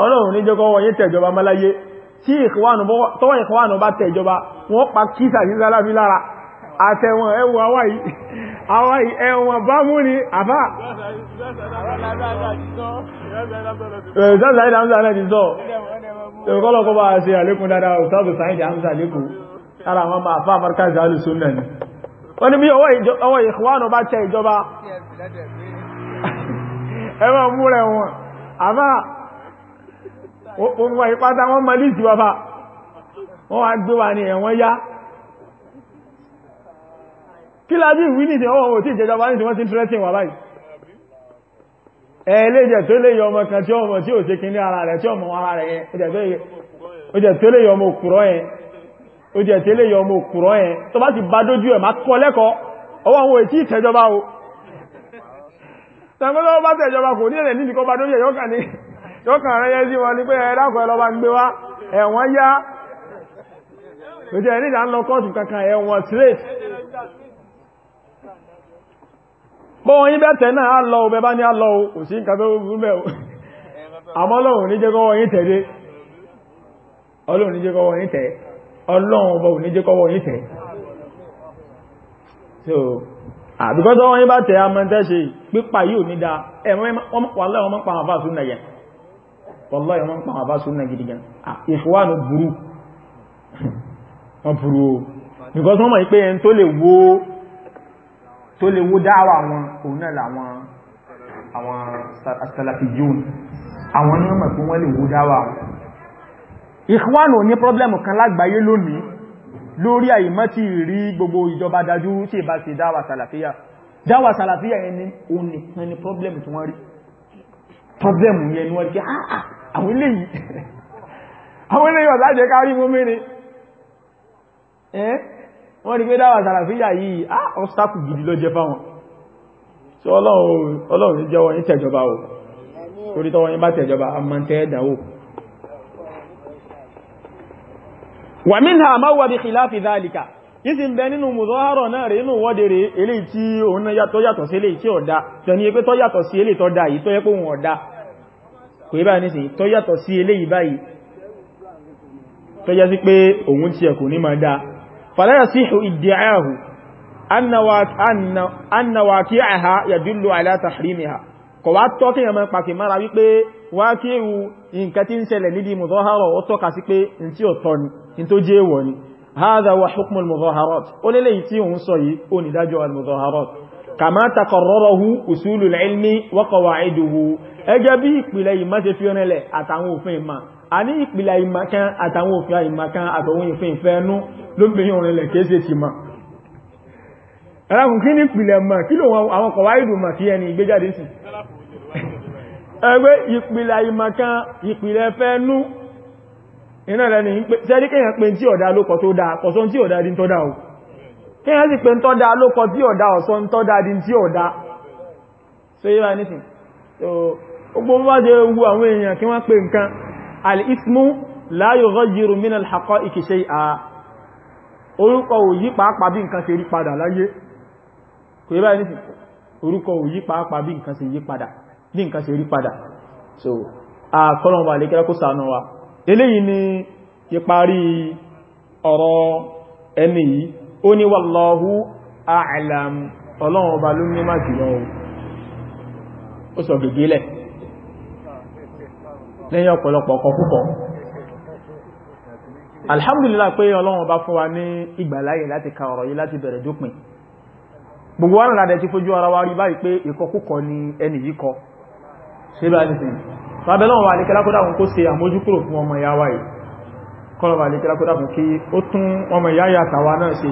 ọlọ́run ní jẹ́kọ́ wọ́n yí tẹ̀jọba máláyé tí tọ́wọ́ ìkọwànà bá tẹ̀jọba wọ́n pa kíta sí sálábí lára àtẹ̀wọ̀n ẹwù àwáyí àwáyí ẹwọ̀n bá mú ní àbá wọ́n ni bí ọwọ́ ìkọwànà bá tẹ ìjọba ẹwọ́n múrẹ̀ wọn àmá òun wọ́n ìpátá wọ́n mọ̀ líìsì wọ́fà wọ́n wá gbé wa ní ẹ̀wọ́n yá kí láti ìwí nìtẹ̀ ọwọ́ òtí ìjẹjọba ní tí wọ́n ti tírẹ́sìn wà báyìí ẹ̀ẹ́lẹ́jẹ̀ tó lè yọ ọmọ kan tí ọmọ tí ò ṣe kìíní ara rẹ̀ tí ọmọ ara rẹ̀ yẹn ó jẹ́ tó lè yọ ọmọ òkúrọ́ yẹn ó jẹ́ tó lè yọ ọmọ òkúrọ́ yẹn tó bá ti bá dójú ẹ̀ má kọ́ lẹ́kọ̀ọ́ ọwọ́ àwọn ètí ìtẹ́jọba o tẹ́gbọ́n tó bá tẹ́jọba kò ní ẹ̀rẹ̀ nídìí kọ́ bá dójú ẹ̀ ní yóò kàn rẹ́yẹ́ sí wọn ní pé ẹ̀dàkọ̀ ẹlọ́ba ń gbé wá ẹ̀wọ̀n yá ìjẹ́ ìrìnà ń lọ kọ́ọ̀tù kankan ẹ̀wọ̀n straight bọ́wọ́n yí bẹ́tẹ̀ náà á lọ ọbẹ̀ bá ní á lọ kò sí nǹkan tó gún bẹ̀ àmọ́ Ọlọ́run ní jẹ́kọ́wọ́ yín tẹ̀lé Ọlọ́run ní jẹ́kọ́wọ́ yín tẹ̀ Ọlọ́run ọba ò ní jẹ́kọ́wọ́ yín tẹ̀ so àbíkọ́ tó wọ́n yí bá tẹ̀ amẹ́ntẹ́ṣe pípa yìí ò ní dáa ẹ̀mọ́ wà lẹ́wọ́n mọ́ pa àwọn fásún nàyẹ̀ wallahi wọ́n pa àbá súnnà gidi gan ìfúwánù burú wọ́n burú o because wọ́n mọ̀ pé ẹn tó lè wó tó lè wó dáwà wọn òun náà làwọn àwọn salafiyun àwọn ní ọmọ ìpín wọ́n lè wó dáwà wọn ìfúwánù ní problem kan lágbàáyé lónìí lórí àìmọ́ ti rí gbogbo ìjọba dájú tí ìbá ti dáwà salafiyà dáwà salafiyà ẹni òun nìkan problem tí wọ́n rí pọ́blẹ́mù yẹn ni wọ́n jẹ́ ah, ah, àwọn eléyìí àwọn eléyìí ọ̀sá jẹ́ kárí mú mẹ́rin ẹ́ wọ́n rí pé dáwà sàràfíyà yìí á ah, ọ́stákù gidi ló jẹ fáwọn tí ọlọ́run jẹ́wọ́ ní tẹ̀jọba o torí tọwọ́ yín bá tẹ̀jọba a máa tẹ́ ẹ̀dàwó wà minha ma huwa bi khilafi dhalika ìsì ń bẹ nínú mùsọ́hárọ̀ náà rẹ̀ inú wọ́de rẹ̀ eléyìí tí òun náà yàtọ̀ sí eléyìí tí ọ̀dá tẹ̀ ní pé tọ́ yàtọ̀ sí eléyìí tọ́ dá yìí tọ́ yẹ pé òun ọ̀dá kò yí báyìí nísìnyí tó yàtọ̀ sí eléyìí báyìí tó yá sí pé òun tí ẹkù ní máa dáa fàlẹ́yà sí ìhù ìdíyàáhù annawa kí àhá yàdúlù alátàrímìhà kọ̀ wá tọ́ kí yàmọ́ pàkì mara wípé wá kí ìwú nǹkan tí ń ṣẹlẹ̀ níbi mùzọ́hárọ̀ ó tọ́ka sí pé in tí ó tọ́ ni in tó jẹ́ wọ̀ ni haza wa hukmul mùzọ́hárọ̀ ó lélẹ̀ tí òun sọ yìí ó nìdájọ́ al mùzọ́hárọ̀ kàmá takọ̀rọ̀rọ̀hu usulu ilmi wa qawaiduhu ẹgẹ́ bí ìpìlẹ̀ ìmá ṣe fi rẹ̀lẹ̀ àtàwọn òfin ìmá a ní ìpìlẹ̀ ìmá kan àtàwọn òfin ìmá kan àtàwọn òfin ìfẹ́ẹnú lóbìnrin rẹ̀lẹ̀ kéèsè ti ma ẹ̀rọ̀kùn kí ní ìpìlẹ̀ ma kí ló àwọn qawaidu ma kí ẹni ìgbéjáde sí ẹgbẹ́ ìpìlẹ̀ ìmá kan ìpìlẹ̀ fẹ́ẹnú iná rẹ̀ kí ẹ́ sì pé ń tọ́dá lókọ tí ọ̀dá ọ̀sọ́ ń tọ́dá di tí ọ̀dá so yíwa anything so gbogbo bá jẹ́ ogun àwọn èèyàn kí wọ́n pè nǹkan al-ismu la yughayyiru min al-haqa'iqi shay'a orúkọ òyí pàápàá bí nǹkan ṣe rí padà láyé anything orúkọ òyí pàápàá bí nǹkan ṣe rí padà bí so àkọlọ̀wọ̀n bà lè kẹ́rẹ́ kó sànà wa ó ní wallahu a'lam ọlọ́run ọba ló ní má jùlọ ó sọ gègé lẹ̀ lẹ́yìn ọ̀pọ̀lọpọ̀ ọkọ̀ púpọ̀ alhamdulillah pé ọlọ́run ọba fún wa ní ìgbàláyè láti ka ọ̀rọ̀ yìí láti bẹ̀rẹ̀ dópin gbogbo wa nàdẹ̀ ti fojú ara wa rí báyìí pé ìkọkúkọ ni ẹni yìí kọ ṣe bá ní sí ìfàbẹ́lọ́wọ̀ àníkẹ́lákọ́dá òun kó ṣe àmójúkúrò fún ọmọ ìyá yìí kọ́lọ̀bà lè kíra kódà fún kí ó tún ọmọ ìyá ìyàtàwà náà ṣe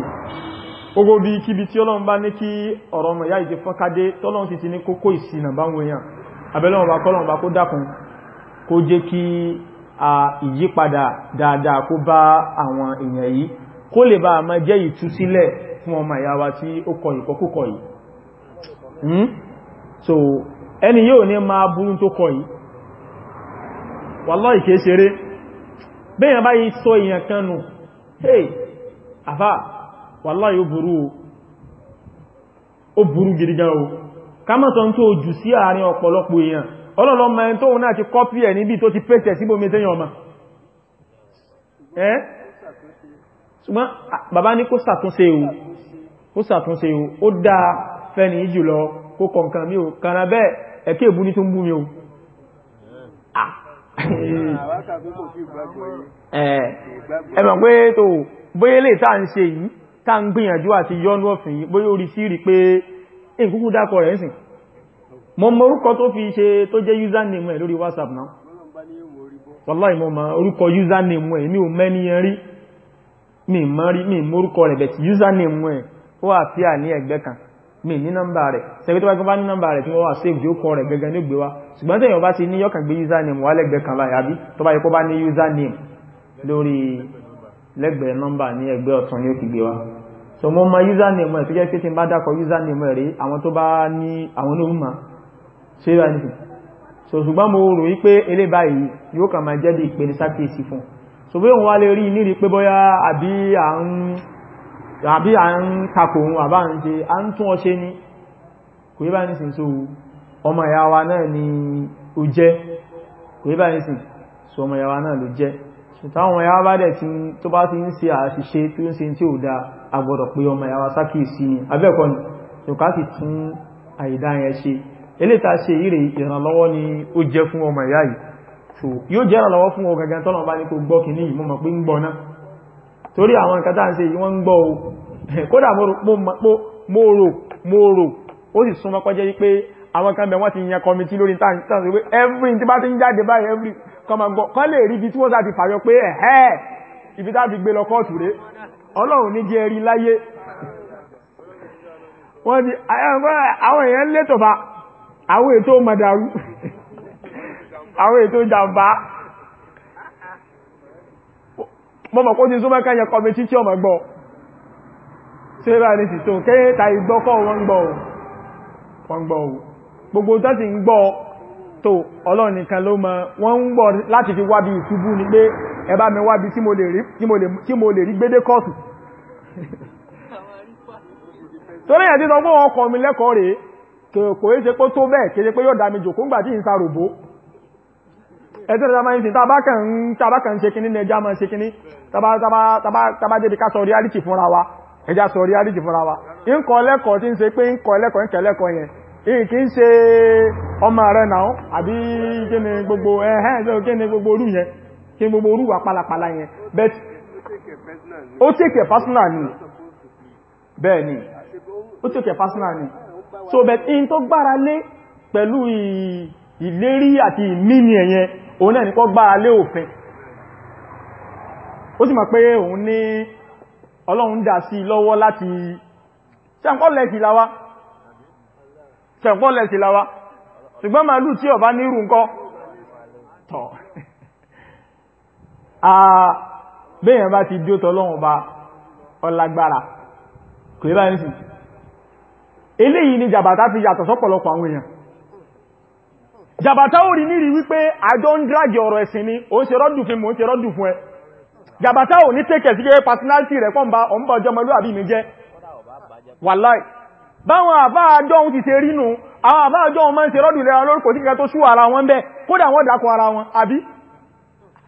gbogbo bí kíbi tí ọlọ́run bá ní kí ọ̀rọ̀ ọmọ ìyá ìdí fọ́nkádé tọ́lọ́run sì ti ní kókó ìsinà bá ń wèyàn abẹ́lọ́run bá kọ́lọ̀run bá kó dákun kó jẹ́ kí a ìyípadà dáadáa kó bá àwọn èèyàn yìí kó lè bá àmọ́ jẹ́ ìtúsílẹ̀ fún ọmọ hmm? so ẹni yóò ní máa burú tó kọ bẹ́yàn bá yí sọ èèyàn kan nù hey àfá wàláhì ó burú ó burú gidi o ká mọ́ sọ tó jù sí àárín ọ̀pọ̀lọpọ̀ èèyàn ọlọ́lọ́mọ ẹni tóun náà ti kọ́pí ẹ̀ níbi tó ti pẹ́tẹ̀ síbò mẹ́tẹ́yàn ọmọ ẹ́ ṣùgbọ́n bàbá ní kó ṣàtúnṣe o o ó Eh, ẹ mọ̀ pé tó bóyá lè tá ń ṣe yìí tá ń gbìyànjú àti yọ́nú ọ̀fìn yìí bóyá orí sí rí pé ìkúkú dákọ̀ rẹ̀ sìn mọ́ mọ́ orúkọ tó fi ṣe tó jẹ́ username ẹ̀ lórí whatsapp náà wallahi mọ́ mọ́ orúkọ username ẹ̀ mi ò mẹ́ni yẹn rí mi mọ́ rí mi mọ́ orúkọ rẹ̀ bẹ̀tì username ẹ̀ ó wà fíà ní ẹgbẹ́ kan mi ní nọ́mbà rẹ̀ sẹ́gbẹ́ tó bá gbọ́n bá ní nọ́mbà rẹ̀ tí wọ́n wà save jókọ rẹ̀ ṣùgbọ́n tẹ́yàn bá ti ní yọ́kàn gbé username wà lẹ́gbẹ̀ẹ́ kan láyé àbí tó bá yẹ kó bá ní username lórí lẹ́gbẹ̀ẹ́ nọ́mbà ní ẹgbẹ́ ọ̀tún ní òkè gbé wa so mo mọ username ẹ̀ tó jẹ́ pé tí n bá dákọ̀ username ẹ̀ rí àwọn tó bá ní so ṣùgbọ́n mo rò wí pé elé báyìí yóò kàn so bí òun wá lè rí ní rí pé bóyá àbí à ń àbí ọmọ ìyàwó náà ni ó jẹ́ kò yí báyìí sí so ọmọ ìyàwó náà ló jẹ́ táwọn ìyàwó bá dẹ̀ tó bá ti ń ṣe àṣìṣe tí ó ń tí ò dá agbọ́dọ̀ pé ọmọ ìyàwó sákìsí ni mo rò mo rò ó sì wípé àwọn kan bẹ̀ wọ́n ti yan kọmití lórí tàǹtàn wípé every tí bá ti ń jáde báyìí every kọmọgbọ́ kọ́ lè rí ibi tí wọ́n sá ti fàyọ pé ẹ̀hẹ́ ibi tá fi gbé lọ kọ́ọ̀tù rẹ̀ ọlọ́run ní jẹ́ rí láyé wọ́n ti àwọn èèyàn létòfà àwọn ètò mọ̀dàrú àwọn ètò jàmbá mọ́mọ̀ kó ti súnmọ́ káyẹ kọmití tí ọmọ gbọ́ ṣe bá ní sì tó kéyẹ́ ta ìgbọ́kọ̀ wọ́n gbọ́ ohun gbogbo tó sì ń gbọ́ tó ọlọ́run nìkan ló mọ̀ wọ́n ń gbọ́ láti fi wábi ìṣubú ni pé ẹ bá mi wábi tí mo lè rí gbédé kọ́ọ̀tù torí ẹ̀ tí sọ pé wọn kọ̀ mi lẹ́kọ̀ọ́ rèé kò é ṣe pé tó bẹ́ẹ̀ kéde pé yóò dá mi jòkó ńgbà tí ń sa ròbó ẹ̀tọ́ ta máa ń sin tàbákan ṣe kíní ní ẹjá máa ṣe kíní tàbájẹ́dì ká sọ reality fúnra wa ẹjá sọ reality fúnra wa ń kọ́ lẹ́kọ̀ọ́ tí ń ṣe pé ń kọ́ lẹ́kọ̀ọ́ ń kẹ́lẹ́kọ̀ọ́ yẹn ìkí ń ṣe ọmọ rẹ̀ náà àbí kí ni gbogbo ẹ̀hẹ́ ẹ̀sẹ̀ kí gbogbo orú yẹn kí ni gbogbo orú wà pálapàla yẹn but ó tèkẹ̀ personal ni bẹ́ẹ̀ ni ó tèkẹ̀ so but in tó gbára lé pẹ̀lú ìlérí àti ìmíni ẹ̀yẹn òun náà gbára lé òfin ó sì mọ̀ pé òun ní ọlọ́run sí lọ́wọ́ láti tẹ̀pọ́n lẹ́sì láwá ṣùgbọ́n màálù tí ọba nírù ńkọ́ tọ̀ a bẹ́yàn bá ti dó tọ́lọ́wọ́n bá ọlágbára kò yẹ báyìí sí eléyìí ni jàbàtà fi yàtọ̀ sọ́pọ̀lọpọ̀ àwọn èèyàn jàbàtà ò rí nírí wípé àjọ ọ̀rọ̀ ẹ̀sìn ni ó ń ṣe rọ́dù fún mò ń ṣe rọ́dù fún ẹ jàbàtà ò ní tẹ́kẹ̀ sí pé personality rẹ̀ pọ́nba ọmọ ọjọ́ mi jẹ́ wàláì báwọn àbá àjọun ti ṣe rínú àwọn àbá àjọun máa ń ṣe rọ́dù lẹ́ra lórúkọ sí kẹta tó ṣú ara wọn bẹ́ kódà wọ́n dákọ̀ ara wọn àbí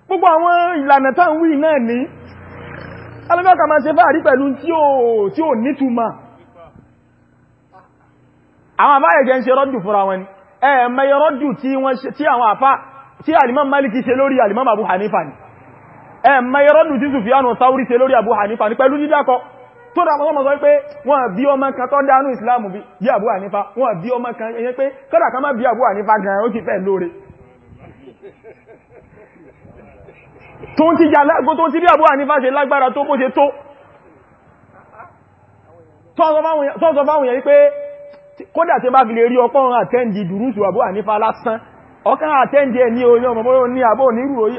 gbogbo àwọn ìlànà táwọn náà ní alẹ́gbẹ́ka máa ṣe fàárí pẹ̀lú tí ó nítumà àwọn àbá ń ṣe rọ́dù fúnra wọn ni ẹ̀ẹ̀mẹ́yẹ rọ́dù tí àwọn àfá tí alimam Maliki ṣe lórí alimam Abu Hanifa ni ẹ̀ẹ̀mẹ́yẹ Abu Hanifa ni pẹ̀lú dídákọ̀ tó dá ọmọ sọ pé wọ́n bí ọmọ kan tó dánú ìsìláàmù bí Abu Hanifa wọ́n bí ọmọ kan ẹyẹ pé kọ́dà kan má bí Abu Hanifa gan ó ti fẹ́ lóore tó ń ti bí Abu Hanifa ṣe lágbára tó bó ṣe tó tọ́sọ fáwọn yẹn pé kódà tí bá fi lè rí ọpọ́n àtẹ́ndì dùrúsù Abu Hanifa lásán ọkàn àtẹ́ndì ẹ̀ ní orí ọmọ mọ́ ní àbò nírú orí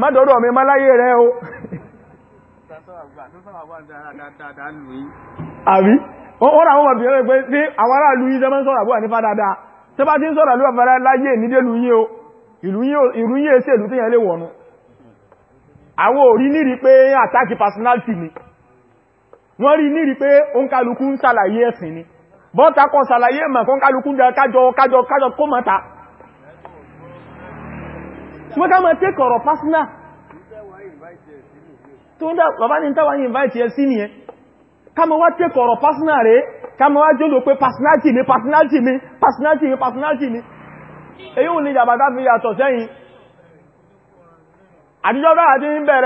mọ́dọ̀dọ̀ mi máláyé rẹ̀ o àbí wọ́n ràwọn ọmọbìnrin rẹ̀ pé tí àwọn ará ìlú yìí jẹ́ mọ́ sọ̀rọ̀ àbúwà nípa dáadáa tí bá ti ń sọ̀rọ̀ àlúwà fẹ́rẹ́ láyé nídé ìlú yìí o ìlú yìí èsì ìlú tí yẹn lè wọ̀nú àwọn òrí nírí pé àtàkì personality ni wọ́n rí nírí pé oǹkálukú ń ṣàlàyé ẹ̀sìn ni bọ́ta kan ṣàlàyé ẹ̀mà kan kálukú jẹ kájọ kájọ kájọ tó ń dá ní ní invite ihe sí nìyẹn kama wá tẹ́kọ̀ ọ̀rọ̀ personal rẹ̀ kama wá jọ́lò pé personality mi personality mi personality mi personality mi èyí ò ní jàbátá fi yàtọ̀ sẹ́yìn àdíjọ́gá àti bẹ̀rẹ̀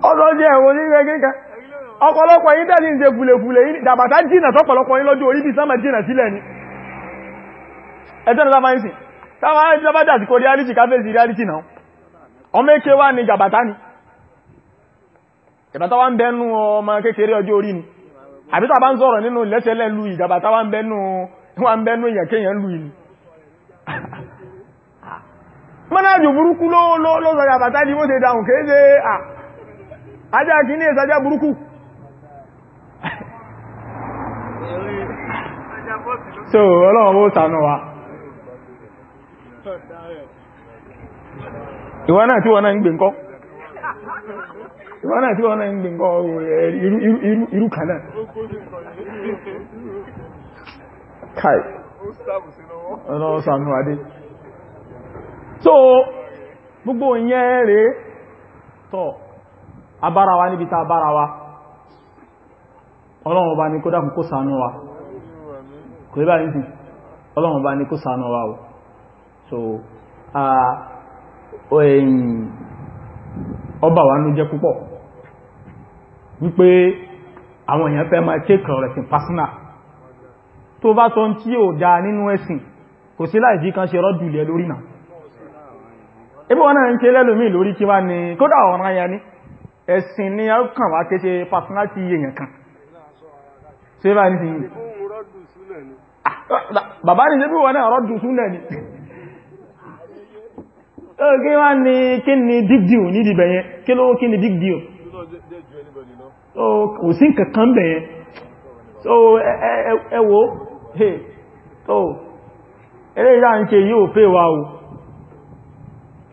pẹ̀lú ó jẹ́ ẹ̀wọ̀n ní ọ̀pọ̀lọpọ̀ yìí tẹ́lì ń ṣe fùlèfùlè dàbàtà jìnà tọ́pọ̀lọpọ̀ yìí lọ́jọ́ orí bí sánmà jìnà sílẹ̀ ni ẹjọ́nà sáfáìsì táwọn ẹjọba jà sí kò reality káfẹ́sì reality náà ọmọ wá ní ni ìbàtà wá ń bẹ́nu ọmọ kékeré ọjọ́ orí ni àbí bá ń sọ̀rọ̀ nínú lẹ́sẹ̀lẹ̀ lu ìgàbàtà wá ń bẹ́nu burúkú ló sọ gàbàtà ni mo ṣe dáhùn kéèzé kìíní so ọlọ́run ó sànú wa ìwọ náà tí wọ́n náà ń gbé ǹkọ́ ìwọ náà tí wọ́n náà ń gbé ǹkọ́ irú kan náà kai ọlọ́run sànú adé so gbogbo ìyẹn rẹ̀ tọ́ abára wa níbi ta abára wa ọlọ́run ọba ní kó dákun kó sànú wa kò ibá ní sí ọlọ́run bá ní kó sànà wa o so ọba wa ní jẹ́ púpọ̀ wípé àwọn èèyàn fẹ́ máa take ọ̀rọ̀ ẹ̀sìn personal tó bá tọ́ tí ò dáa nínú ẹ̀sìn kò sí láì fi kan ṣe rọ́dùlẹ̀ lórí náà ebí wọn náà ń ṣe lẹ́lòmí lórí kí wá ní kódà ọ̀ràn ya ní ẹ̀sìn ni a wá kéṣe personality èèyàn kan ṣe bá ní sí Ah, bàbá ní sẹ́bí wọ́n náà rọ́dù súnà ni kí wá ní kí ni big deal ní ìdìbẹ̀ yẹn kí ló kí ni big deal kò sí kankan bẹ̀ yẹn so ẹwọ́ so eré ìdá ń ṣe yìí ò pé wa o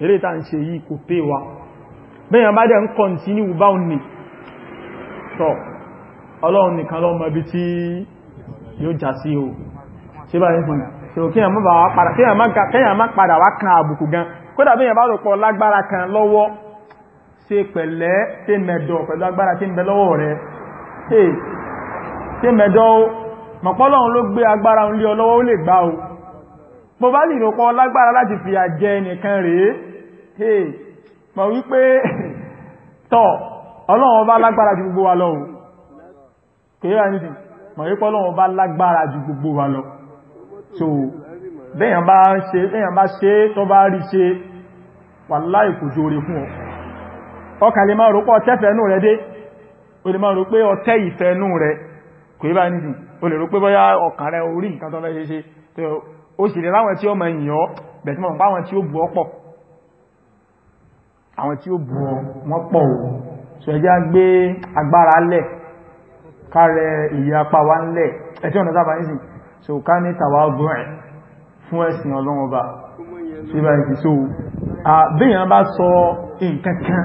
eré ìdá ń ṣe yìí kò pé wa bẹ́yàn bá dẹ̀ ń continue báun ni so ọlọ́run nìkan ló ibi tí yóò já sí o ṣe bá yẹn fún ṣe kí èèyàn má padà wá kan àbùkù gan kódà bí èèyàn bá rò pọ̀ lágbára kan lọ́wọ́ ṣe pẹ̀lẹ́ ṣe mẹ̀dọ̀ pẹ̀lú agbára tí ń bẹ lọ́wọ́ rẹ̀ ṣe mẹ̀dọ̀ o mọ̀pọ́lọ́run ló gbé agbára ń lé ọlọ́wọ́ lè gbá o mo bá lè rò pọ̀ lágbára láti fi jẹ ẹnìkan rèé mọ̀ wípé tọ́ ọlọ́run ọba lágbára ju gbogbo wa lọ o mọ̀ wípé Ọlọ́run bá lágbára ju gbogbo wa lọ so bẹ́yàn bá ṣe bẹ́yàn bá ṣe tó bá rí ṣe wàláhì kò jóore fún ọ ọkà lè máa rò pé ọtẹ́ rẹ dé o lè máa rò pé ọtẹ́ ìfẹ́nú rẹ kò yíba nìdí o lè rò pé bóyá ọkàn rẹ orí nǹkan tó fẹ́ ṣe ṣe o sì lè láwọn tí ó mọ ìyàn ọ bẹ̀tí mọ̀ pa àwọn tí ó bù ọ pọ̀ àwọn tí ó bù ọ wọ́n pọ̀ o so ẹjá gbé agbára lẹ̀ kárẹ ìyapa wa ń lẹ̀ ẹ̀tí ọ̀nà sábà nísìn so ká ní tàwà gọ́ẹ̀ fún ẹ̀sìn ọlọ́run ọba tí bá ìsìn so àbíyàn bá sọ nǹkankan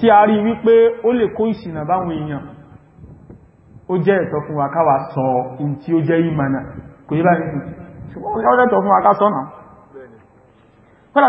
tí a rí wípé ó lè kó ìsìnà báwọn èèyàn ó jẹ́ ẹ̀tọ́ fún wa káwà sọ in tí ó jẹ́ ìmànà kò yí ká sọ́nà kọ́lá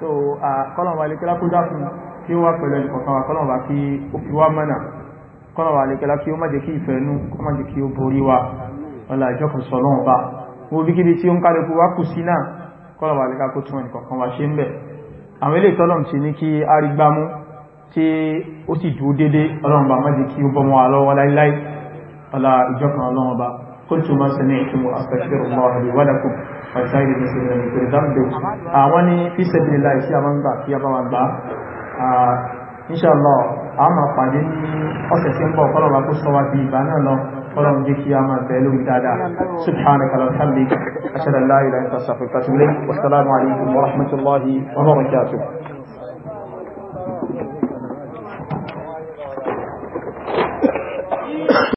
so kọ́lọ̀wà alékẹ́lá kó dákun kí ó wá pẹ̀lú ẹnìkọ̀kan wa kọ́lọ̀wà kí ó fi wá mọ́nà kọ́lọ̀wà alékẹ́lá kí ó má jẹ́ kí ìfẹ́nú kó má jẹ́ kí ó borí wa ọlá ìjọkùn sọ̀lọ́wọ́n bá mo bí kíbi tí ó ń kálukú wá kù sí náà kọ́lọ̀wà alékẹ́lá kó tún ẹnìkọ̀kan wa ṣe ń bẹ̀ àwọn ilé ìtọ́lọ̀ ti ní kí a rí gbámú tí ó sì dúó dédé ọlọ́run bá má jẹ́ kí ó bọ́ wọn lọ́wọ́ láíláí ọlá ìjọkùn ọlọ́run bá kó tún ọ̀ṣáìdì ní ṣe ìrìn ìpèrè dáńdò àwọn ní fíṣẹ́bìlá iṣẹ́ àmọ́gbà kí a bá wà gbá inṣàlọ́ a máa pàdé ní ọ̀sẹ̀ tí ń bọ̀ kọ́lọ̀wà kó sọ wá bí ìgbà náà lọ kọ́lọ̀wà jẹ́ kí a máa bẹ̀ẹ́ lórí dáadáa subhanaka alhamdulillah ashhadu an la